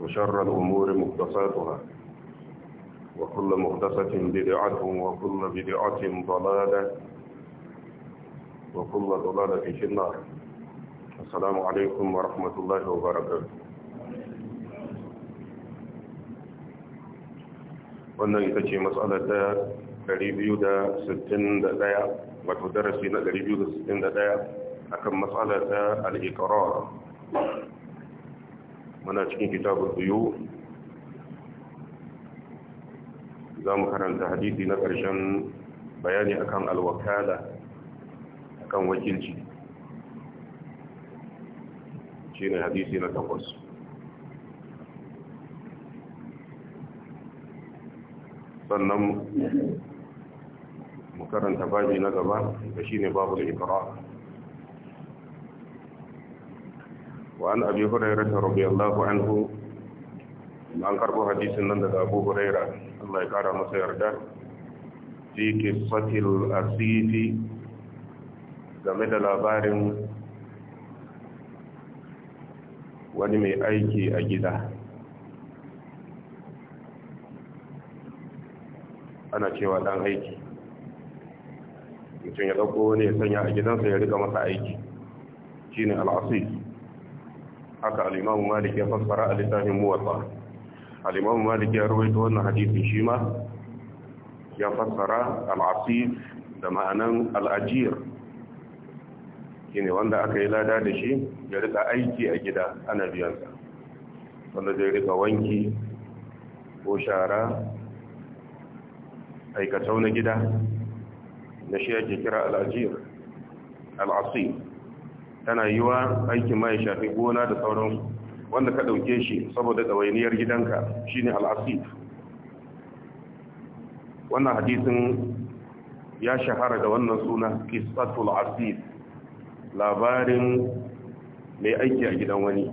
وشر الأمور مقدساتها وكل مقدسة بدعة وكل بدعة ضلالة وكل ضلالة في النار السلام عليكم ورحمة الله وبركاته wannan ita ce matsalar da 261 wato darasi na 261 akan matsalar da al'ikarar muna cikin kitabul buyu za mu karanta hadisi na karshen bayani akan alwakala akan wakilci shine hadisi na takwas sannan mu karanta babi na gaba da babu babul iqrar وعن أبي هريرة رضي الله عنه عن كربو حديث نند أبو هريرة الله يكرم سيرده في قصة الأسيف game da labarin wani mai aiki a gida ana cewa dan aiki mutum ya ɗauko wani ya sanya a gidansa ya riga masa aiki shine haka al’imamu imam Malik ya fassara a littafin muwatsa al’imamu Malik ya rawaito wannan hadithin shi ma ya fassara al da ma'anan al'ajiyar. ajir shine wanda aka yi lada da shi ya rika aiki a gida ana biyansa wanda zai rika wanki ko shara aikatau na gida na shi ake kira al’ajiyar tana yi wa aikin ma ya shafi gona da sauransu wanda ka ɗauke shi saboda ɗawainiyar gidanka shine al'asif wannan hadisin ya shahara da wannan suna kisatul asif labarin mai aiki a gidan wani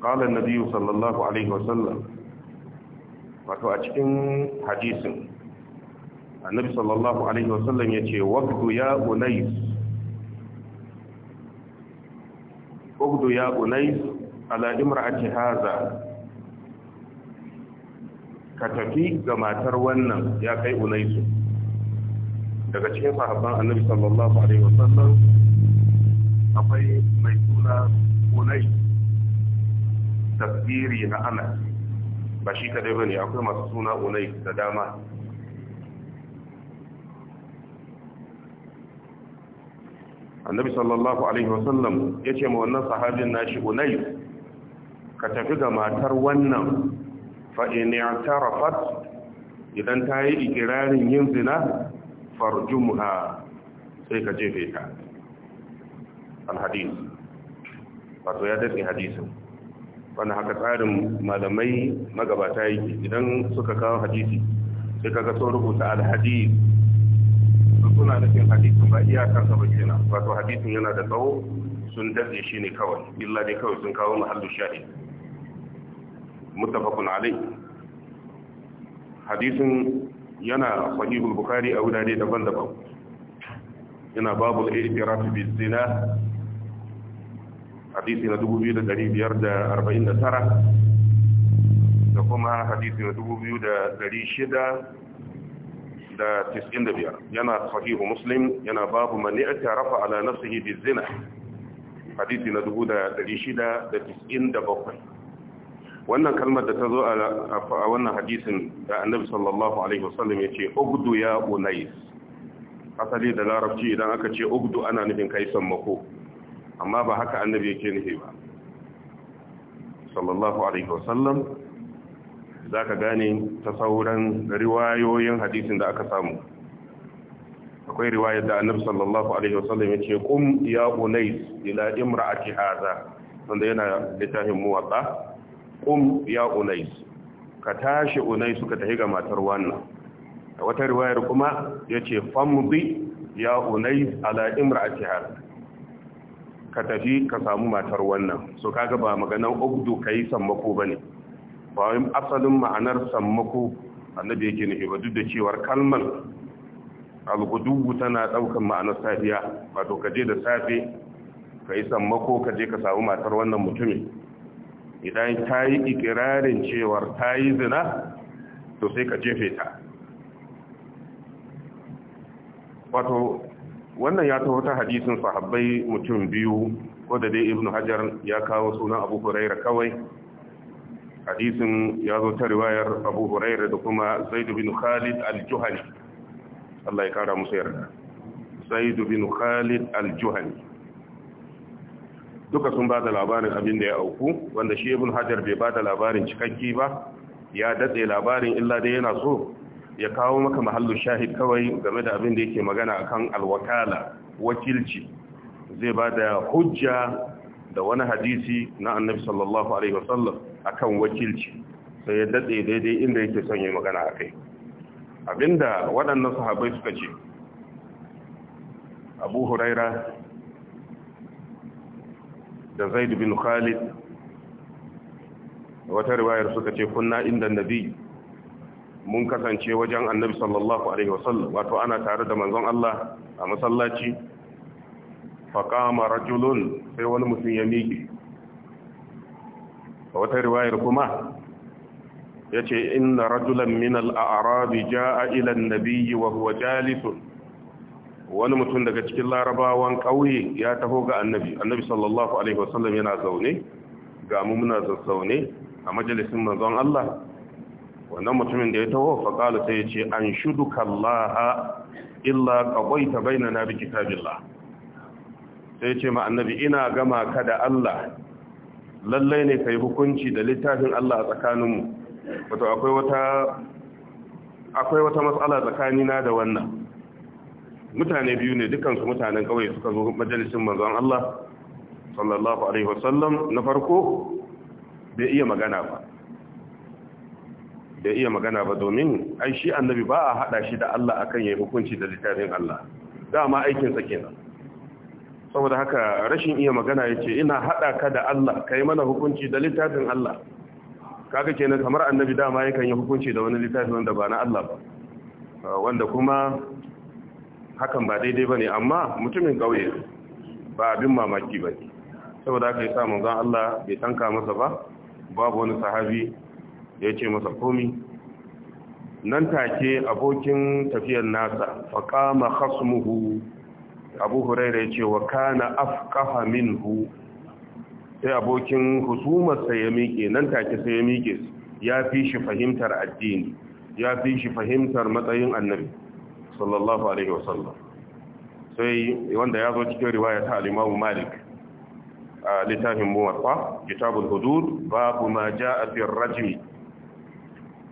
ƙalar nabiyu sallallahu alaihi wasallam wato a cikin hadisin annabi sallallahu alaihi wasallam ya ce wakdu ya unais ugdu ya unais ala imra'ati haza ka tafi ga matar wannan ya kai unaisu daga cikin sahabban annabi sallallahu alaihi wasallam akwai mai suna unai tasbiri na ana ba shi kadai bane akwai masu suna unai da dama annabi sallallahu alaihi wasallam ya ce ma wannan sahabin nashi unai ka tafi ga matar wannan fa'ini a tarafat idan ta yi ikirarin yin zina farjumha sai ka jefe ta alhadis wato ya daɗe hadisin wanda haka tsarin malamai magabata yake idan suka kawo hadisi sai kaga sun rubuta alhadis su suna nufin hadisin ba iyakarsa ba kenan wato hadisin yana da tsawo sun dade shi ne kawai illa dai kawai sun kawo mahallu shahid mutafakun alai hadisin yana sahihul bukhari a wurare daban-daban yana babul i'tiraf bi zina hadisi na 2549 da kuma hadisi na 2600 da 95 yana sahihu muslim yana babu man i'tarafa ala bi zina hadisi na 697 wannan kalmar da ta zo a wannan hadisin da annabi sallallahu alaihi wasallam ya ce ugdu ya unais asali da larabci idan aka ce ugdu ana nufin kai sammako amma ba haka annabi ya yake nufi ba sallallahu alaihi wasallam za ka gane ta sauran riwayoyin hadisin da aka samu akwai riwayar da annabi sallallahu alaihi wasallam ya ce kum ya unais ila imra'ati hadha wanda yana littafin muwatta kum ya unais ka tashi unais ka tafi ga matar wannan A wata riwayar kuma ya ce, famdi ya unais ala imra'ati hadha ka tafi ka samu matar wannan so kaga ba maganan ubdu kai sammako bane ba asalin ma'anar sammako annabi yake nufi ba duk da cewar kalmar al tana daukan ma'anar safiya wato ka je da safe ka yi sammako ka je ka samu matar wannan mutumin idan ta yi ikirarin cewar ta yi zina to sai ka jefe ta wato wannan ya taho ta hadisin sahabbai mutum biyu ko da dai ibnu hajar ya kawo sunan abu huraira kawai hadisin ya zo ta riwayar abu hurairu da kuma zaidu bin khalid al-juhani Allah ya kara musu yarda zaidu bin khalid al-juhani duka sun ba labarin abin da ya auku wanda shi ibn hajar bai bada labarin cikakki ba ya datse labarin illa dai yana so ya kawo maka mahallu shahid kawai game da abin da yake magana akan alwakala wakilci zai ba da hujja da wani hadisi na annabi sallallahu alaihi wasallam akan wakilci sai ya dade daidai inda yake son yayi magana akai abinda waɗannan sahabbai suka ce abu huraira da zaid bin khalid wata riwayar suka ce kunna inda nabi mun kasance wajen annabi sallallahu alaihi wasallam wato ana tare da manzon Allah a masallaci faƙama rajulun sai wani mutum ya miƙe a wata riwayar kuma ya ce inna rajulan min Arabi ja a ilan nabiyyi wa huwa jalisun wani mutum daga cikin larabawan ƙauye ya taho ga annabi annabi sallallahu alaihi wasallam yana zaune ga muna zaune a majalisin manzon Allah wannan mutumin da ya taho faƙalu sai ya ce an shudu kallaha illa na bainana bi kitabillah sai ce ma annabi ina gama ka da Allah lallai ne kai hukunci da littafin Allah a tsakaninmu wato akwai wata akwai wata matsala tsakanina da wannan mutane biyu ne dukansu mutanen kawai suka zo majalisin manzon Allah sallallahu alaihi wasallam na farko bai iya magana ba da iya magana ba domin ai shi annabi ba a hada shi da Allah akan yayin hukunci da littafin Allah dama aikin sa kenan saboda haka rashin iya magana ya ce ina haɗa ka da Allah ka yi mana hukunci da littafin Allah kaga kenan kamar annabi dama kan yi hukunci da wani littafi wanda ba na Allah ba wanda kuma hakan ba daidai ba ne amma mutumin ƙauye ba abin mamaki ba ne saboda haka ya sa manzon Allah bai tanka masa ba babu wani sahabi ya ce masa komi nan take abokin tafiyar nasa faƙama khasmuhu abu huraira ya ce wa kana afqaha minhu sai abokin husumarsa ya miƙe nan take sai ya miƙe ya fi shi fahimtar addini ya fi shi fahimtar matsayin annabi sallallahu alaihi wasallam sai wanda ya zo cikin riwaya ta al Malik a littafin muwarfa kitabul hudud babu ma jaa fi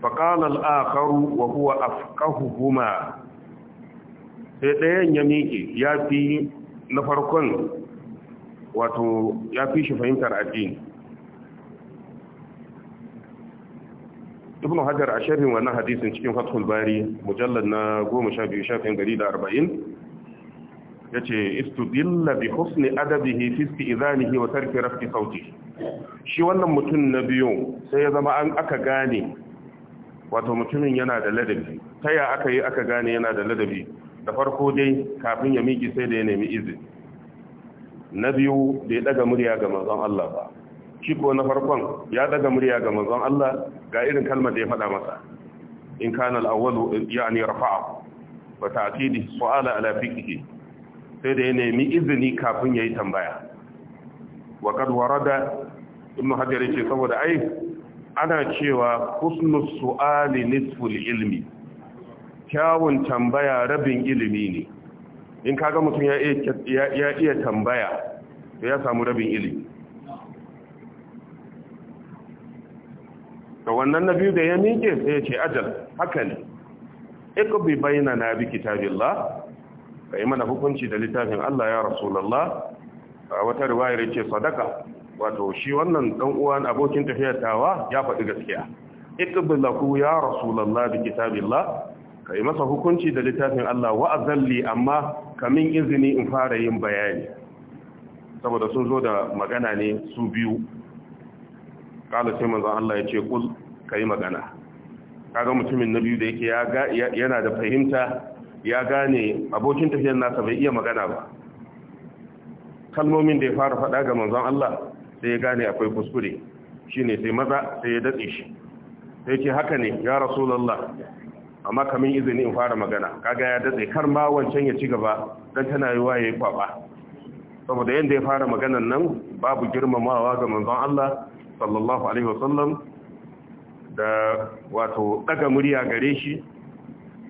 a karu wa kuwa afkahu huma. sai ɗayan ya miƙe ya fi na farkon wato ya fi shi fahimtar addini ibn hajar a sharhin wannan hadisin cikin fathul bari mujallar na goma sha biyu shafin gari da arba'in ya ce istudilla bi husni adabihi fiski izanihi wa tarki rafki sauti shi wannan mutum na biyu sai ya zama an aka gane wato mutumin yana da ladabi ta ya aka yi aka gane yana da ladabi da farko dai kafin ya miki sai da ya nemi izini na biyu da ya daga murya ga manzon Allah ba shi ko na farkon ya daga murya ga manzon Allah ga irin kalmar da ya faɗa masa in kana al-awwalu yani rafa'a wa ta'kidi su'ala ala fikhi sai da ya nemi izini kafin yayi tambaya wa kad warada ibn hajar yace saboda ai ana cewa husnus su'ali nisful ilmi kyawun tambaya rabin ilimi ne in ka ga mutum ya iya tambaya to ya samu rabin ilimi da wannan na biyu da ya miƙe sai ya ce ajal haka ne ikubi bayyana na bi kitabillah ka yi mana hukunci da littafin Allah ya rasulullah a wata riwayar ce sadaka wato shi wannan dan uwan abokin tafiyar tawa ya faɗi gaskiya ikubi laku ya rasulullah bi kitabillah ka yi masa hukunci da littafin Allah wa azalli amma kamin izini in fara yin bayani saboda sun zo da magana ne su biyu kala sai manzon Allah ya ce kul kai magana kaga mutumin na biyu da yake yana da fahimta ya gane abokin tafiyar nasa bai iya magana ba kalmomin da ya fara faɗa ga manzon Allah sai ya gane akwai kuskure shine sai maza sai ya datse shi sai ke haka ne ya rasulullah amma kamin izini in fara magana kaga ya datse kar ma wancan ya ci gaba dan tana yiwa yayi kwaba saboda yanda ya fara maganan nan babu girmamawa ga manzon Allah sallallahu alaihi wasallam da wato daga murya gare shi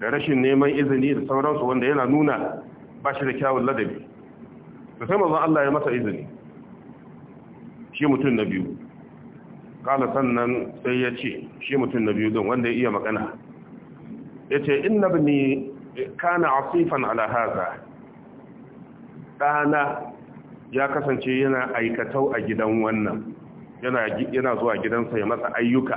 da rashin neman izini da sauransu wanda yana nuna ba shi da kyawun ladabi da sai manzon Allah ya masa izini shi mutum na biyu kala sannan sai ya ce shi mutum na biyu don wanda ya iya magana yace inna ni kana asifan alhaza ɗana ya kasance yana aikatau a gidan wannan yana zuwa gidansa ya masa ayyuka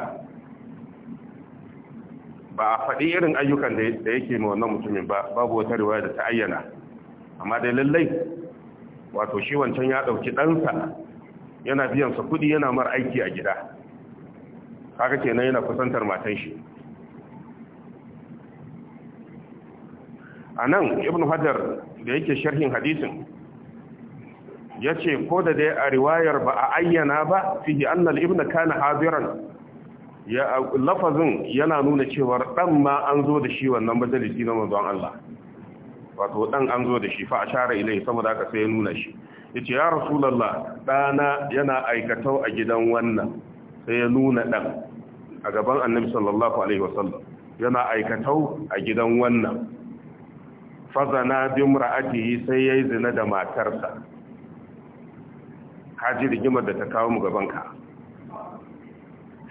ba a faɗi irin ayyukan da yake ma wannan mutumin ba babu wata riwaya da ta ayyana amma dai lallai wato shi wancan ya ɗauki ɗansa yana biyansa kuɗi yana mara aiki a gida haka kenan yana kusantar matan shi a nan ibn hajar da yake sharhin hadisin ya ce ko da dai a riwayar ba a ayyana ba fiye annal ibn kana haziran ya lafazin yana nuna cewar dan ma an zo da shi wannan majalisi na manzon Allah wato dan an zo da shi fa share ilai saboda haka sai ya nuna shi Ya ce ya rasulullah dana yana aikatau a gidan wannan sai ya nuna dan a gaban annabi sallallahu alaihi wasallam yana aikatau a gidan wannan fazana bi mura'atihi sai yayi zina da matarsa kaji rigima da ta kawo mu gaban ka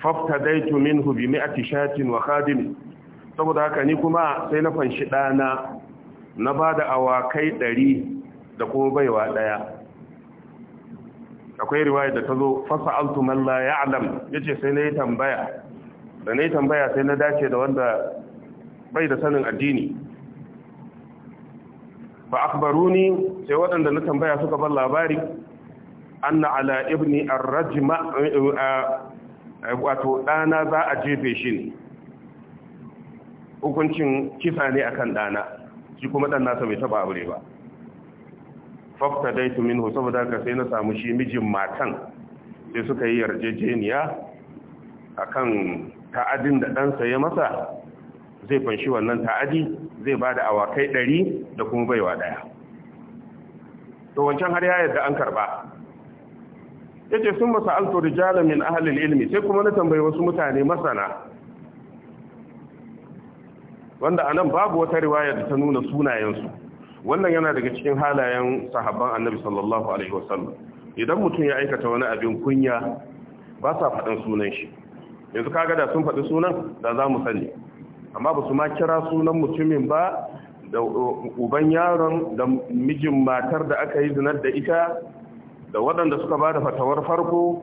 faftadaitu minhu bi mi'ati shatin wa khadim saboda haka ni kuma sai na fanshi dana na bada awakai ɗari da kuma baiwa daya akwai riwaya da tazo, zo fasa'altu man la ya'lam yace sai nayi tambaya da nayi tambaya sai na dace da wanda bai da sanin addini fa akhbaruni sai waɗanda na tambaya suka bar labari anna ala ibni ar-rajma eh, wato ɗana za a jefe shi ne hukuncin kisa ne akan dana. shi kuma ɗan nasa bai taba aure ba fafta dai tumin saboda ka sai na samu shi mijin matan sai suka yi yarjejeniya akan ta'adin da dan ya masa zai fanshi wannan ta'adi zai ba da awakai ɗari da kuma baiwa ɗaya to wancan har ya yadda an karɓa ya ce sun masa alto da jalamin ahalin ilimi sai kuma na tambayi wasu mutane masana wanda anan babu wata riwayar da ta nuna sunayensu wannan yana daga cikin halayen sahabban annabi sallallahu alaihi wasallam idan mutum ya aikata wani abin kunya ba sa faɗin sunan shi yanzu kaga da sun faɗi sunan da za mu sani amma ba su ma kira sunan mutumin ba da uban yaron da mijin matar da aka yi zinar da ita da waɗanda suka ba da fatawar farko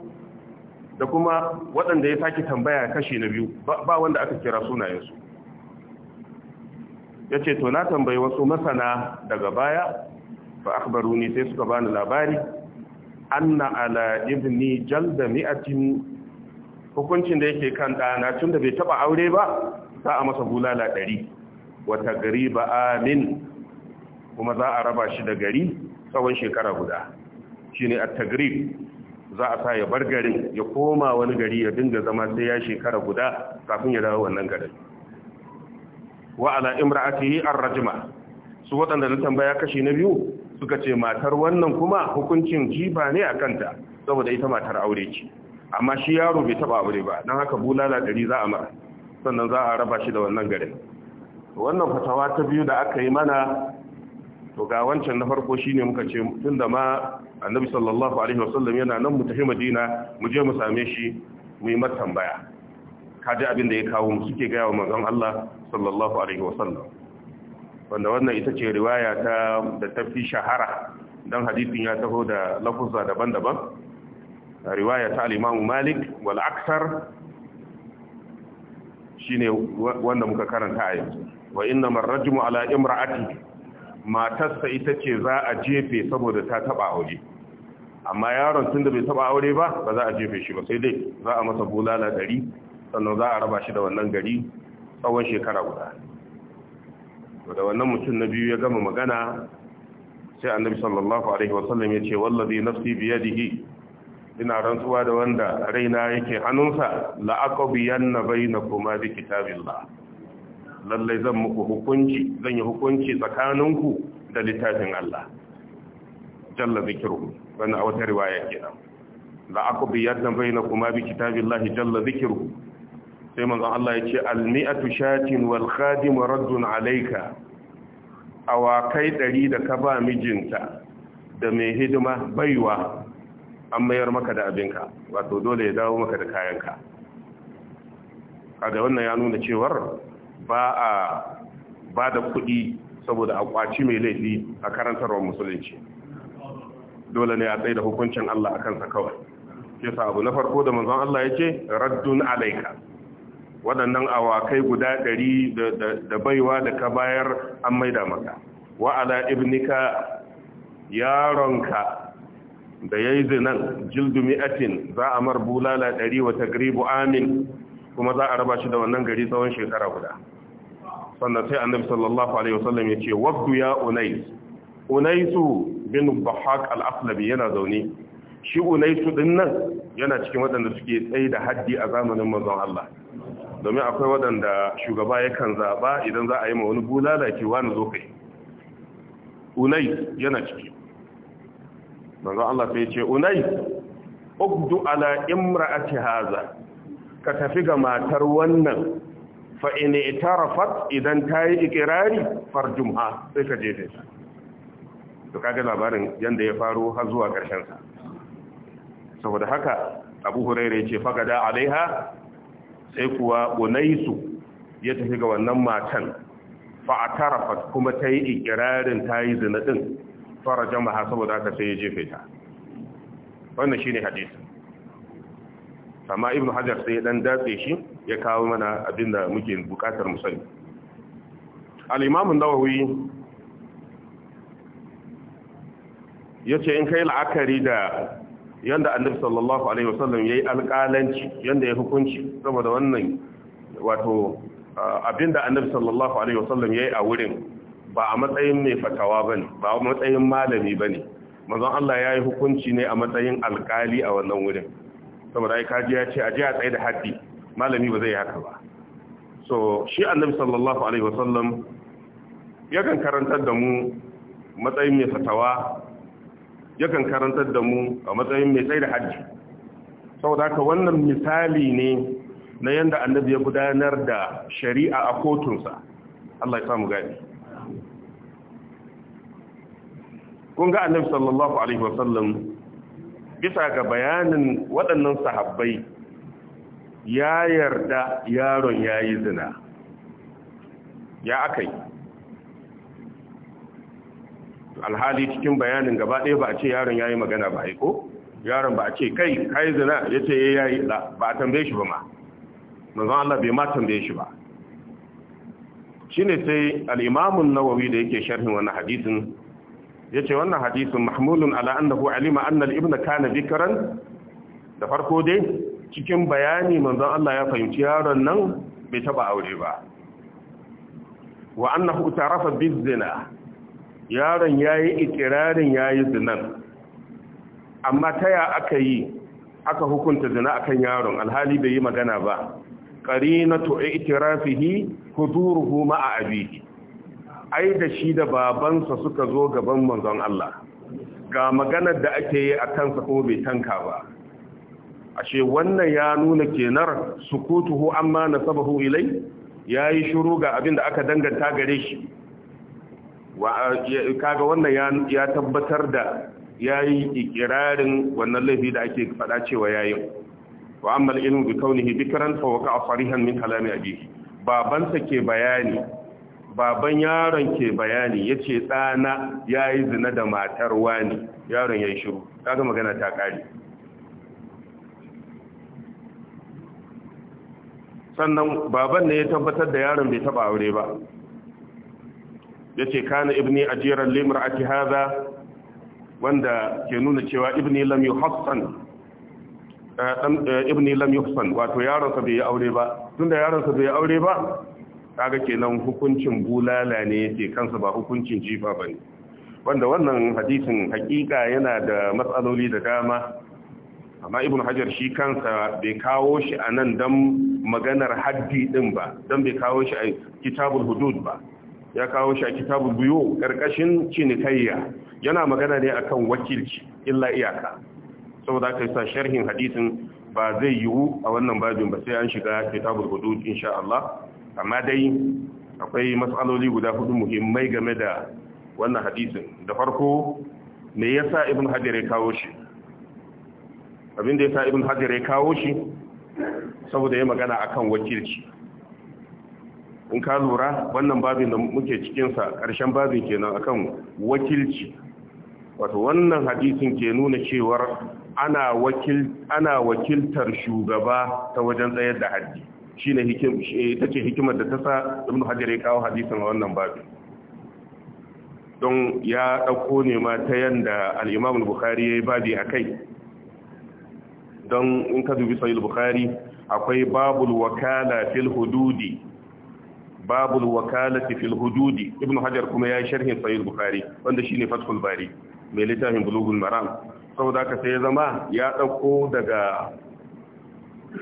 da kuma waɗanda ya sake tambaya kashi na biyu ba wanda aka kira sunayensu ya ce to na tambayi wasu masana daga baya ba akbaru ne sai suka bani labari anna ala ibni jalda mi'atin hukuncin da yake kan ɗana tun da bai taɓa aure ba za a masa bulala ɗari wata gari ba amin kuma za a raba shi da gari tsawon shekara guda shi ne a tagrib za a sa ya bar garin ya koma wani gari ya dinga zama sai ya shekara guda kafin ya dawo wannan garin wa ala imra'atihi ar-rajma su waɗanda na tambaya kashi na biyu suka ce matar wannan kuma hukuncin jifa ne a kanta saboda ita matar aure ce amma shi yaro bai taba aure ba don haka bulala ɗari za a mara sannan za a raba shi da wannan garin wannan fatawa ta biyu da aka yi mana to ga wancan na farko shine muka ce tun da ma annabi sallallahu alaihi wasallam yana nan mu tafi madina mu je mu same shi mu yi mata tambaya kaji abin da ya kawo mu suke gaya wa manzon Allah sallallahu alaihi wasallam wanda wannan ita ce riwaya ta da tafi shahara dan hadisin ya taho da lafuzza daban-daban riwaya ta al-Imam Malik wal aksar shine wanda muka karanta a yanzu wa innamar rajmu ala imra'ati matarsa ita ce za a jefe saboda ta taba aure amma yaron tun da bai taba aure ba ba za a jefe shi ba sai dai za a masa bulala gari sannan za a raba shi da wannan gari tsawon shekara guda da wannan mutum na biyu ya gama magana sai annabi sallallahu alaihi wasallam ya ce wallazi nafsi biyadihi ina rantsuwa da wanda raina yake hannunsa na bainakuma bi kitabillah lalle zan muku hukunci zan yi hukunci tsakaninku da littafin Allah jalla Zikiru. wannan a wata riwaya ke bai na bainakuma bi kitabin Lahi, jalla Zikiru. sai manzon Allah ya ce al-mi'atu shatin wal khadim raddun alayka awakai 100 da ka ba mijinta da mai hidima baiwa an mayar maka da abinka wato dole ya dawo maka da kayanka kaga wannan ya nuna cewar ba a ba da kuɗi saboda a kwaci mai laifi a karantarwar musulunci dole ne a tsaye da hukuncin Allah a kansa kawai sa abu na farko da manzon Allah ya ce raddun alaika waɗannan awakai guda ɗari da baiwa da ka bayar an maida maka wa'ala ibnika yaronka da ya yi zinan jildu mi'atin za a mar bulala ɗari wa tagribu amin kuma za a raba shi da wannan gari tsawon shekara guda sannan sai annabi sallallahu alaihi wasallam ya ce wabdu ya unais unaisu bin bahaq al Aflabi yana zaune shi unaisu din nan yana cikin waɗanda suke tsaye da haddi a zamanin manzon Allah domin akwai waɗanda shugaba yakan zaba idan za a yi ma wani bulala ke wani zo kai unais yana ciki manzo Allah sai ce unai ugdu ala imra'ati haza ka tafi ga matar wannan fa in itarafat idan tayi ikrari farjumha sai ka je ta to kaga labarin yanda ya faru har zuwa karshen sa saboda haka Abu huraira yace fagada alaiha sai kuwa unaisu ya tafi ga wannan matan fa atarafat kuma tayi ikrarin tayi zina din fara jama'a saboda aka sai ya jefe ta wannan shine hadisi amma ibnu hajar sai ya dan datse shi ya kawo mana abinda muke bukatar mu sani al-imam an-nawawi yace in kai la'akari da yanda annabi sallallahu alaihi wasallam yayi alƙalanci yanda ya hukunci saboda wannan wato abinda annabi sallallahu alaihi wasallam yayi a wurin ba a matsayin mai fatawa ba ne ba a matsayin malami ba ne mazan Allah ya yi hukunci ne a matsayin alkali a wannan wurin saboda ya kaji ya ce a ji a tsaye da haddi malami ba zai haka ba so shi annabi sallallahu alaihi wasallam yakan karantar da mu matsayin mai fatawa yakan karantar da mu a matsayin mai tsaye da haddi saboda haka wannan misali ne na yanda annabi ya gudanar da shari'a a kotunsa Allah ya samu gani kun ga annabi sallallahu alaihi wasallam bisa ga bayanin waɗannan sahabbai ya yarda yaron ya yi zina ya aka yi alhali cikin bayanin gaba ɗaya ba a ce yaron ya yi magana ba aiko yaron ba a ce kai ka yi zina ya ce eh, ya yi ba a tambaye shi ba ma mazan Allah bai ma tambaye shi ba shi ne sai al'imamun nawawi da yake sharhin wani hadisin yace wannan hadisin mahmulun ala annahu alima anna al-ibna kana bikran da farko dai cikin bayani manzon Allah ya fahimci yaron nan bai taba aure ba wa annahu tarafa bizina yaron yayi ikirarin yayi zinan amma taya aka yi aka hukunta zina akan yaron alhali bai yi magana ba qarinatu i'tirafihi huduruhu ma'a abihi ai da shi da babansa suka zo gaban manzon Allah ga maganar da ake yi a kansa kuma bai tanka ba ashe wannan ya nuna kenar sukutuhu amma nasabahu ilai yayi shiru ga abin da aka danganta gare shi kaga wannan ya tabbatar da yayi ikirarin wannan laifi da ake faɗa cewa yayi yi. amma al-ilmu bi kaunihi bikran fa waqa farihan min kalami abihi babansa ke bayani baban yaron ke bayani ya ce ɗana ya yi zina da matar wani yaron ya yi shiru ga magana ta ƙari sannan baban ne ya tabbatar da yaron bai taɓa aure ba ya ce kana ibni ajiyar limar ake haza wanda ke nuna cewa ibni lam yi eh, eh, ibni lam wato yaronsa bai yi aure ba tunda yaronsa bai yi aure ba kaga kenan hukuncin bulala ne yake kansa ba hukuncin jifa ba ne. wanda wannan hadisin hakika yana da matsaloli da dama amma ibn hajar shi kansa bai kawo shi a nan don maganar haddi din ba don bai kawo shi a kitabul hudud ba ya kawo shi a kitabul buyo karkashin cinikayya yana magana ne a kan wakilci illa iyaka saboda aka yi sa sharhin hadisin ba zai yiwu a wannan babin ba sai an shiga kitabul hudud insha Allah amma dai akwai matsaloli guda hudu muhimmai game da wannan hadisin da farko me yasa ibn hajar ya kawo shi abin da yasa ibn hajar ya kawo shi saboda ya magana akan wakilci in ka lura wannan babin da muke cikinsa ƙarshen babin kenan akan wakilci wato wannan hadisin ke nuna cewar ana wakiltar shugaba ta wajen tsayar da haddi Shi ne ta ce hikimar da ta sa Ibn hajar ya kawo hadisin a wannan babu don ya ɗauko ne ma ta yadda alimamul imam al-bukhari yayi babi kai. don in ka dubi sahih al-bukhari akwai babul wakala fil hududi babul Wakala fil hududi Ibn hajar kuma ya yi sharhin sahih al-bukhari wanda ne fathul bari mai littafin bulughul maram da haka sai ya zama ya ɗauko daga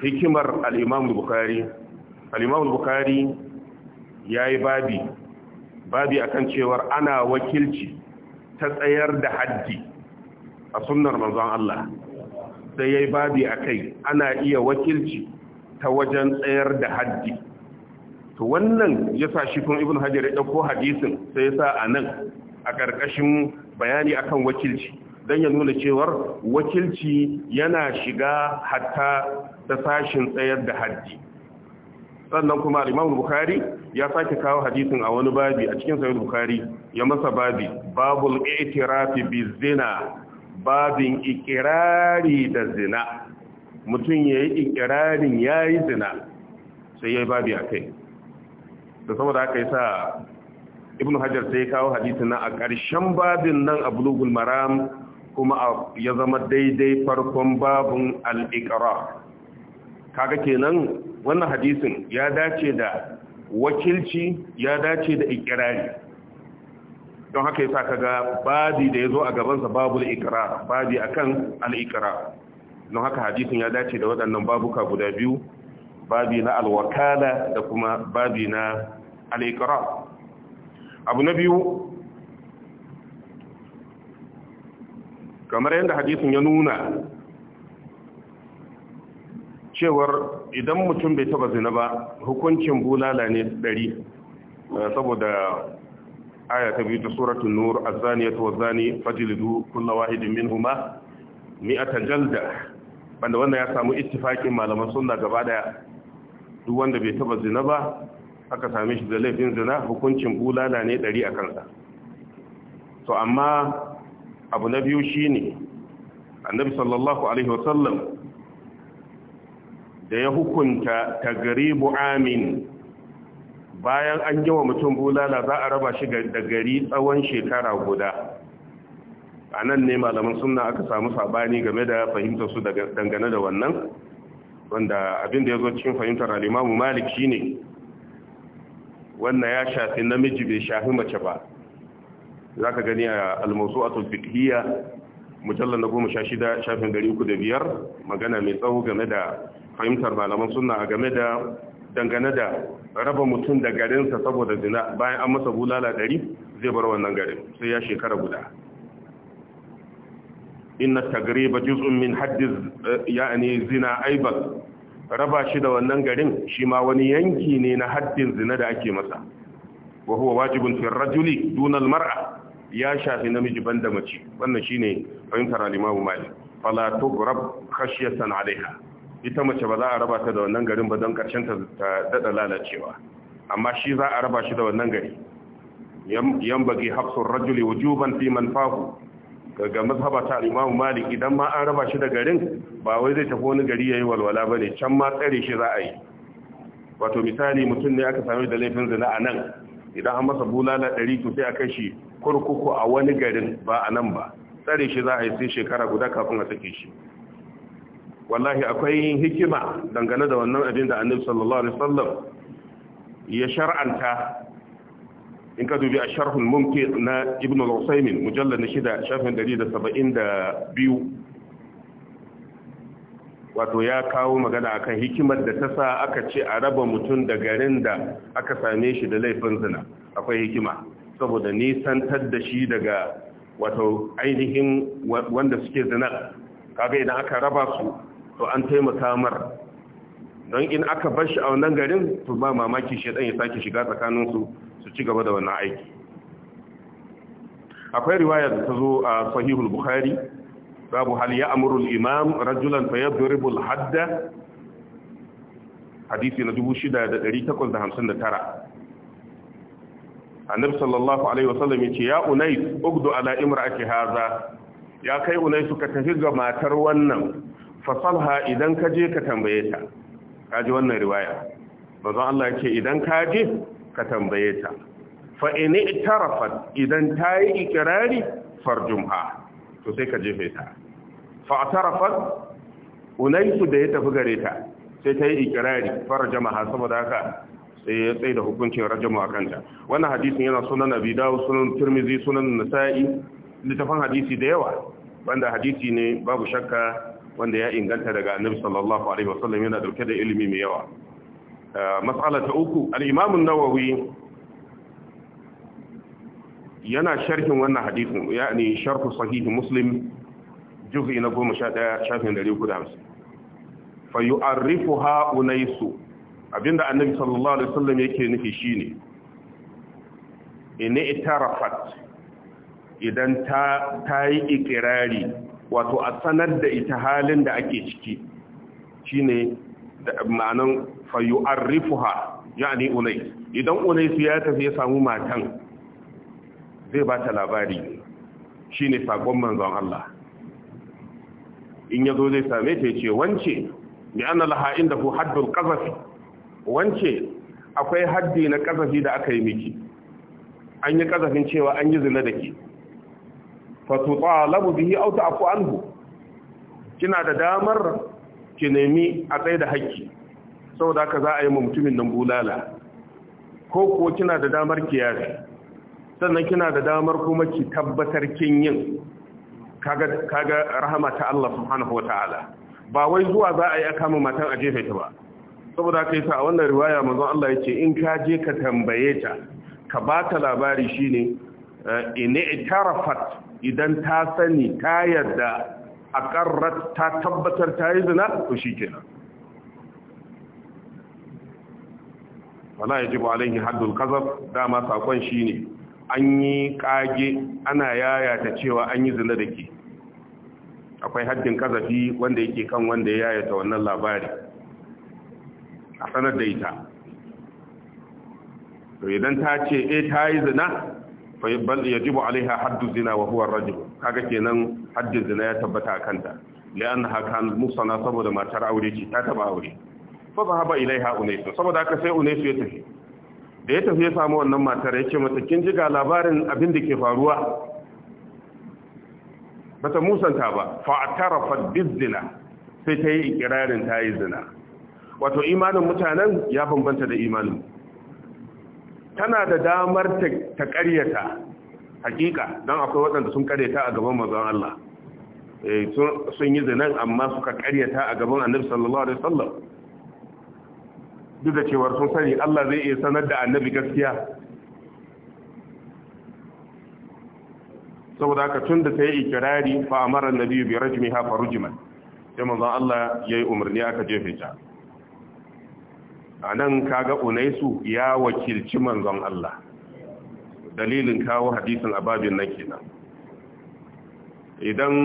hikimar al'imamu bukari al'imamu bukari ya yi babi babi akan cewar ana wakilci ta tsayar da haddi a sunar manzon Allah sai ya yi babi a kai ana iya wakilci ta wajen tsayar da haddi to wannan ya sa shi kun ibn hajar ya ɗauko hadisin sai ya sa a nan a ƙarƙashin bayani akan wakilci don ya nuna cewar wakilci yana shiga hatta ta sashin tsayar da haddi sannan kuma al-Imam Bukhari ya sake kawo hadisin a wani babi a cikin sayar Bukhari ya masa babi babul i'tirafi zina. babin ikirari da zina mutum ya yi ikirarin ya yi zina sai ya yi babi a kai. da saboda haka sa Ibn Hajar sai ya kawo hadisin a ƙarshen babin nan a bulugul Maram kuma ya zama daidai farkon babun al kaga kenan wannan hadisin ya dace da wakilci ya dace da ikirari don haka yasa kaga babi da yazo a gabansa sa babul ikrar babi akan al ikrar don haka hadisin ya dace da waɗannan babuka guda biyu babi na alwakala da kuma babi na al ikrar abu na biyu kamar yadda hadisin ya nuna cewar idan mutum bai taba zina ba hukuncin bulala ne dari. Eh, saboda aya ta biyu ta suratun nur tuwa wazani fajlidu kullu wahidin minhuma mi'ata jalda banda wannan ya samu ittifakin malaman suna gaba daya duk wanda bai taba zina ba aka sami shi da laifin zina hukuncin bulala ne dari a kansa to amma abu na biyu shine annabi sallallahu alaihi wasallam da ya hukunta tagribu amin bayan an yi wa mutum bulala za a raba shi da gari tsawon shekara guda a nan ne malaman suna aka samu sabani game da fahimtar su dangane da wannan wanda abin da ya zo cikin fahimtar alimamu malik shine wannan ya shafi namiji bai shafi mace ba za ka gani a almasu a tulfikiyya mujallar na goma sha shida shafin gari uku da biyar magana mai tsawo game da fahimtar malaman suna a game da dangane da raba mutum da garinsa saboda zina bayan an masa bulala ɗari zai bar wannan garin sai ya shekara guda inna tagriba juz'un min haddiz eh, yani zina aibal raba shi da wannan garin shi ma wani yanki ne na haddin zina da ake masa wa huwa wajibun fi rajuli duna almar'a ya shafi namiji banda mace wannan shine fahimtar al-Imam Malik fala tughrab khashyatan alaiha ita mace ba za a raba ta da wannan garin ba don ƙarshen ta daɗa lalacewa amma shi za a raba shi da wannan gari yan bagi hafsun rajuli wujuban fi fahu ga mazhaba ta imamu malik idan ma an raba shi da garin ba wai zai tafi wani gari yayi walwala bane can ma tsare shi za a yi wato misali mutum ne aka sami da laifin zina a nan idan an masa bulala ɗari to sai a kai shi kurkuku a wani garin ba a nan ba tsare shi za a yi sai shekara guda kafin a sake shi wallahi akwai hikima dangane da wannan abin da annabi sallallahu alaihi wasallam ya shar'anta in ka dubi a sharhul mumti na ibn al-usaymin mujallad na shida shafin 172 wato ya kawo magana akan hikimar da ta sa aka ce a raba mutum da garin da aka same shi da laifin zina akwai hikima saboda nisantar da shi daga wato ainihin wanda suke zina kaga idan aka raba su to an taimaka mar don in aka bar shi a wannan garin to ba mamaki shaidan ya sake shiga tsakaninsu su ci gaba da wannan aiki akwai riwaya da ta zo a sahihul bukhari babu hal ya amurul imam rajulan fa yadribul hadda hadisi na 6859 annabi sallallahu alaihi wasallam yace ya unais ugdu ala imra'ati hadha ya kai unais ka tafi ga matar wannan fasalha idan ka je ka tambaye ta ka ji wannan riwaya bazan Allah ce idan ka je ka tambaye ta fa in itarafat idan ta yi ikirari farjumha to sai ka jefe ta fa atarafat unaisu da ya tafi gare ta sai ta yi ikirari jama'a saboda haka sai ya tsaye da hukuncin rajama a kanta wannan hadisin yana sunan abi dawud sunan tirmizi sunan nasa'i littafin hadisi da yawa wanda hadisi ne babu shakka wanda ya inganta daga annabi sallallahu alaihi wasallam yana dauke da ilimi mai yawa uh, mas'ala ta uku al-imam an-nawawi yana sharhin wannan hadisin yani sharh sahih muslim juz'i na 11 shafin 350 fa yu'arrifuha unaysu abinda annabi sallallahu alaihi wasallam yake nufi shine in itarafat idan ta ta yi ikirari wato a sanar da ita halin da ake ciki shi ne shine ma'anan fayu'arrifuha yani unai. idan unai su ya tafi ya samu matan zai ba ta labari Shi ne sakon manzon Allah in yazo zai same ta ce, wance bi anna laha ku haddun kasafi? wance akwai haddi na kasafi da aka yi miki an yi kasafin cewa an yi zina da ke fatutalabu bihi aw ta'fu anhu kina da damar ki nemi a tsaye da haƙƙi saboda haka za a yi mutumin nan bulala ko kuwa kina da damar ki yafi sannan kina da damar kuma ki tabbatar kin yin kaga kaga rahama ta Allah subhanahu wataala ba wai zuwa za a yi kama matan a jefe ta ba saboda haka sa, a wannan riwaya manzo Allah yake in ka je ka tambaye ta ka ba ta labari shine eh, ine i'tarafat idan ta sani ta yarda a ƙarar ta tabbatar ta yi zina to shi nan wala ya ji alaihi haddul kazab dama sakon shi ne an yi ƙage ana yayata cewa an yi zina da ke akwai haddin kazafi wanda yake kan wanda ya yayata wannan labari a sanar da ita to idan ta ce e ta yi zina bal yajibu alaiha haddu zina wa huwa rajul kaga kenan haddin zina ya tabbata a kanta li'annaha kan musana saboda matar aure ce ta taba aure fa zahaba ilaiha unaysu saboda haka sai unaysu ya tafi da ya tafi ya samu wannan matar ya ce mata kin ji ga labarin abin da ke faruwa bata musanta ba fa atarafa bizina sai ta yi ikirarin ta yi zina wato imanin mutanen ya bambanta da imanin tana da damar ta karyata, hakika don akwai waɗanda sun karyata a gaban mazan Allah eh, sun yi zinan amma suka karyata a gaban annabi sallallahu alaihi sallam. duk da cewar sun sani Allah zai iya sanar da annabi gaskiya saboda haka tun da ta yi ikirari fa amara annabi bi rajmiha fa rujman sai manzon Allah ya yi umarni aka jefe ta a nan kaga unaisu ya wakilci manzon Allah dalilin kawo hadisin ababin nan kenan idan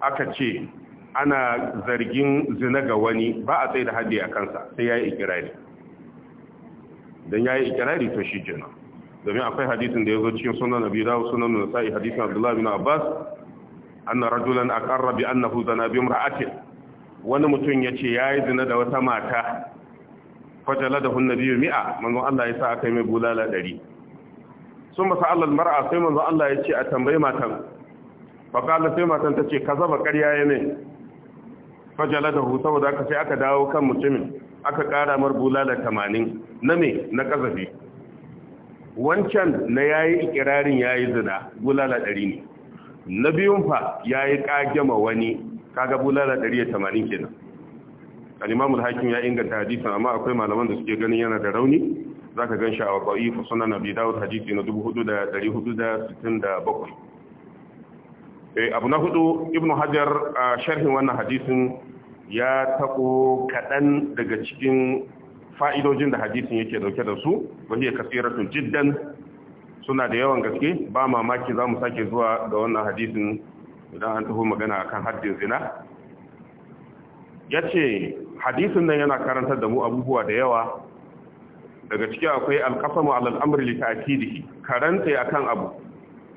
aka ce ana zargin zina ga wani ba a tsaye da haddi a kansa sai ya yi ikirari don ya yi ikirari to shi kenan domin akwai hadisin da ya zo cikin sunan abu dawo sunan sa'i hadisin abdullahi bin abbas anna rajulan aqarra bi annahu zana bi imra'atin wani mutum yace yayi zina da wata mata fajala da hunna biyu mi'a manzo Allah ya sa aka yi mai bulala ɗari sun masa Allah mara sai manzo Allah ya ce a tambayi matan faƙala sai matan ta ce ka zaba ƙarya ya mai fajala da hu saboda aka sai aka dawo kan mutumin aka ƙara mar bulala tamanin na me na ƙazafi wancan na ya yi ikirarin ya yi zina bulala ɗari ne na biyun fa ya yi wani kaga bulala ɗari da tamanin kenan al-imam hakim ya inganta hadisi amma akwai malaman da suke ganin yana da rauni zaka gan shi a ba'i fa sunan nabi dawud hadisi na 4467 eh abu na hudu ibnu hajar a sharhin wannan hadisin ya tako kadan daga cikin fa'idojin da hadisin yake dauke da su wani kasiratun jiddan suna da yawan gaske ba mamaki zamu sake zuwa ga wannan hadisin idan an taho magana akan haddin zina yace hadisin nan yana karantar da mu abubuwa da yawa daga ciki akwai alkasamu alal amri li ta'kidihi karanta akan abu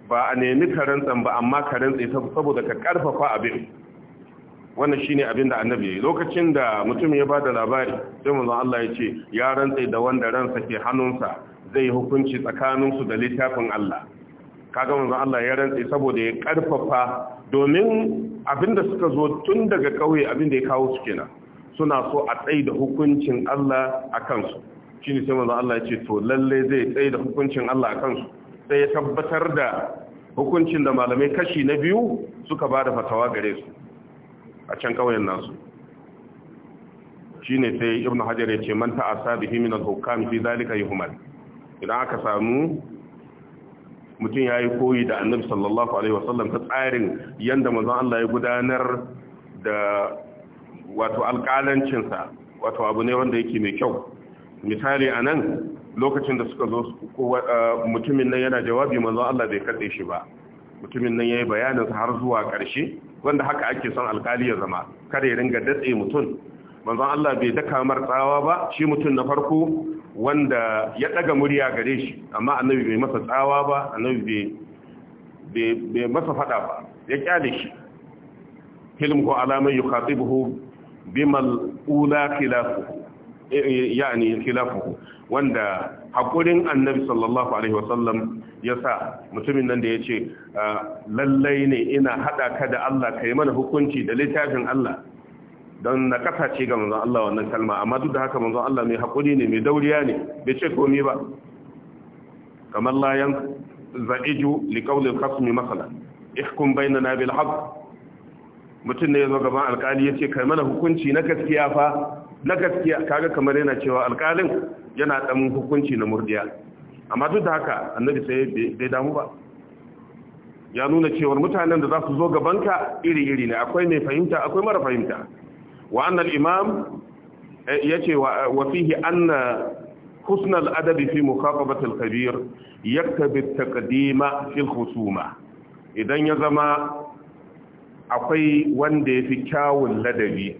ba a nemi karantsan ba amma karantsa saboda ka karfafa abin wannan shine abin da annabi yayi lokacin da mutum ya bada labari sai manzon Allah ya ce ya rantsa da wanda ransa ke hannunsa zai hukunci tsakanin su da littafin Allah kaga manzon Allah ya rantsa saboda ya karfafa domin abin da suka zo tun daga kauye abin da ya kawo su kenan suna so a tsaye da hukuncin Allah a kansu shi ne sai manzon Allah ya ce to lalle zai tsaye da hukuncin Allah a kansu sai ya tabbatar da hukuncin da malamai kashi na biyu suka ba da fatawa gare su a can ƙauyen nasu ne sai ibnu hajar ya ce man ta'assa bihi min al-hukam fi zalika yuhmal idan aka samu mutum yayi koyi da annabi sallallahu alaihi wasallam ta tsarin yanda manzon Allah ya gudanar da wato alƙalancinsa wato abu ne wanda yake mai kyau misali a nan lokacin da suka zo eh, mutumin nan yana jawabi manzo Allah bai katse shi ba mutumin nan ya yi bayanin har zuwa ƙarshe wanda haka ake son alƙali ya zama kada ya ringa datse mutum manzo Allah bai daka martsawa tsawa ba shi mutum na farko wanda ya ɗaga murya gare shi amma annabi bai masa tsawa ba annabi bai masa faɗa ba ya kyale shi hilm ko alaman yukhatibuhu bimal ula khilafuhu eh, eh, yani khilafuhu wanda hakurin annabi sallallahu alaihi wasallam ya sa mutumin nan da ya ce ah, lallai ne ina haɗa ka da Allah ka yi mana hukunci da littafin Allah don na kasa ce ga manzon Allah wannan kalma amma duk da haka manzon Allah mai hakuri ne mai dauriya ne bai ce komai ba kamar la yan za'iju li qawli al-khasm masalan ihkum bainana bil haqq mutum ne ya zo gaban alkali ya ce kai mana hukunci na gaskiya fa na gaskiya kaga kamar yana cewa alkalin yana dan hukunci na murdiya amma duk da haka annabi sai bai damu ba ya nuna cewar mutanen da za su zo gabanka iri-iri ne akwai mai fahimta akwai mara fahimta wa annal imam eh, ya ce wa fihi anna husnal adabi fi mukhaqabatil kabir yaktabi taqdima fil khusuma idan ya zama akwai wanda ya fi kyawun ladabi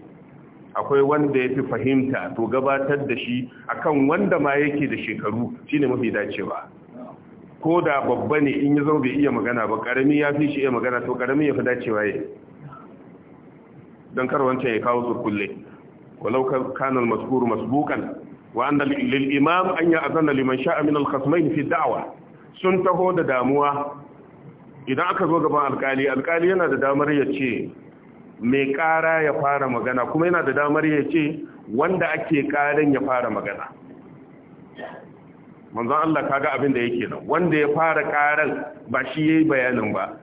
akwai wanda ya fi fahimta to gabatar da shi akan wanda ma yake da shekaru shine mafi dacewa ko da babba ne in ya zo bai iya magana ba karami ya fi shi iya magana to karami ya fi dacewa ya don kar ya kawo surkulle walau kanal al-mazkur masbukan wa an lil imam an ya'zana liman sha'a min al fi da'wa sun taho da damuwa idan aka zo gaban alkali alkali yana da damar ya ce mai kara ya fara magana kuma yana da damar ya ce wanda ake karin ya fara magana manzan Allah kaga abin da yake nan wanda ya fara karan ba shi ya yi bayanin ba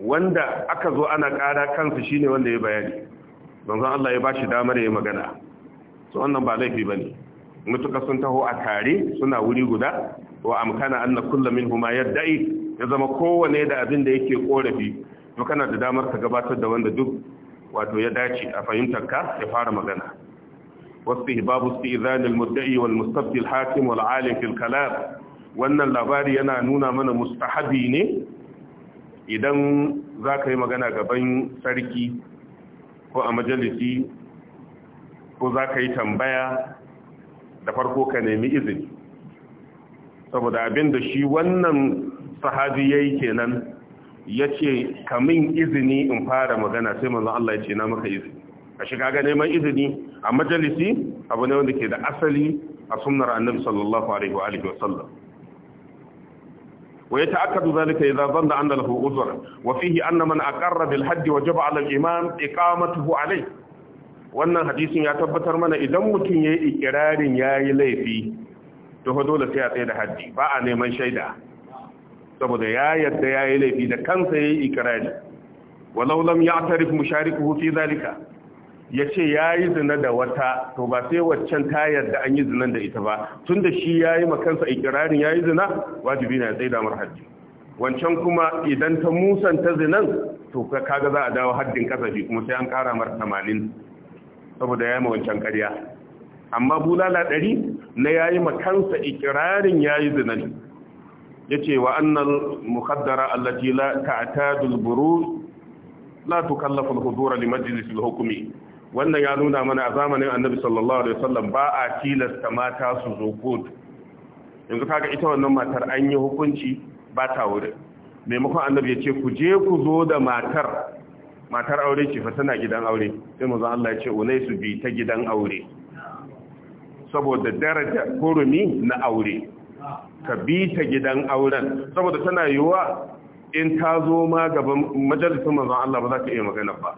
wanda aka zo ana kara shi ne wanda ya bayani manzan Allah ya bashi damar ya magana so wannan ba laifi ba ne. mutuka sun taho a tare suna wuri guda wa amkana anna huma yadda yadda'i ya zama kowane da abin da yake korafi to kana da damar ka gabatar da wanda duk wato ya dace a fahimtar ka ya fara magana Wasu واستهباب wal المدعي hakim wal alim fil الكلام wannan labari yana nuna mana mustahabi ne idan za ka yi magana gaban sarki ko a majalisi ko za ka yi tambaya da farko ka nemi izini saboda abin da shi wannan sahabi yayi kenan yace kamin izini in fara magana sai manzon Allah ya ce na maka izini a shiga ga neman izini a majalisi abu ne wanda ke da asali a sunnar annabi sallallahu alaihi wa alihi wasallam ويتأكد ذلك إذا ظن أن له أذرا وفيه أن من أقر بالحد وجب على الإمام إقامته عليه wannan hadisin ya tabbatar mana idan mutum ya yi ikirarin ya yi laifi to dole sai ya tsaye da haddi ba a neman shaida saboda ya yadda ya yi laifi da kansa ya yi ikirari walau lam ya tarif musharik hufi zalika ya ce ya yi zina da wata to ba sai waccan ta yadda an yi zinan da ita ba tun da shi ya yi makansa ikirarin ya yi zina wajibi na tsaye damar haddi wancan kuma idan ta musanta zinan to kaga za a dawo haddin kasafi kuma sai an kara mar tamanin saboda ya yi ma wancan karya amma bulala ɗari na ya yi makansa ikirarin ya yi zinan yace wa annal mukaddara allati la ta'tadu al la tukallafu al-hudur li majlis al-hukmi wannan ya nuna mana a zamanin annabi sallallahu alaihi wasallam ba a tilasta mata su zo kotu yanzu kaga ita wannan matar an yi hukunci ba ta wurin maimakon annabi ya ce ku je ku zo da matar matar aure ce fa tana gidan aure sai manzon Allah ya ce unaisu bi ta gidan aure saboda daraja hurumi na aure ka bi ta gidan auren saboda tana yiwuwa in ta zo ma gaban majalisun manzon Allah ba za ka iya magana ba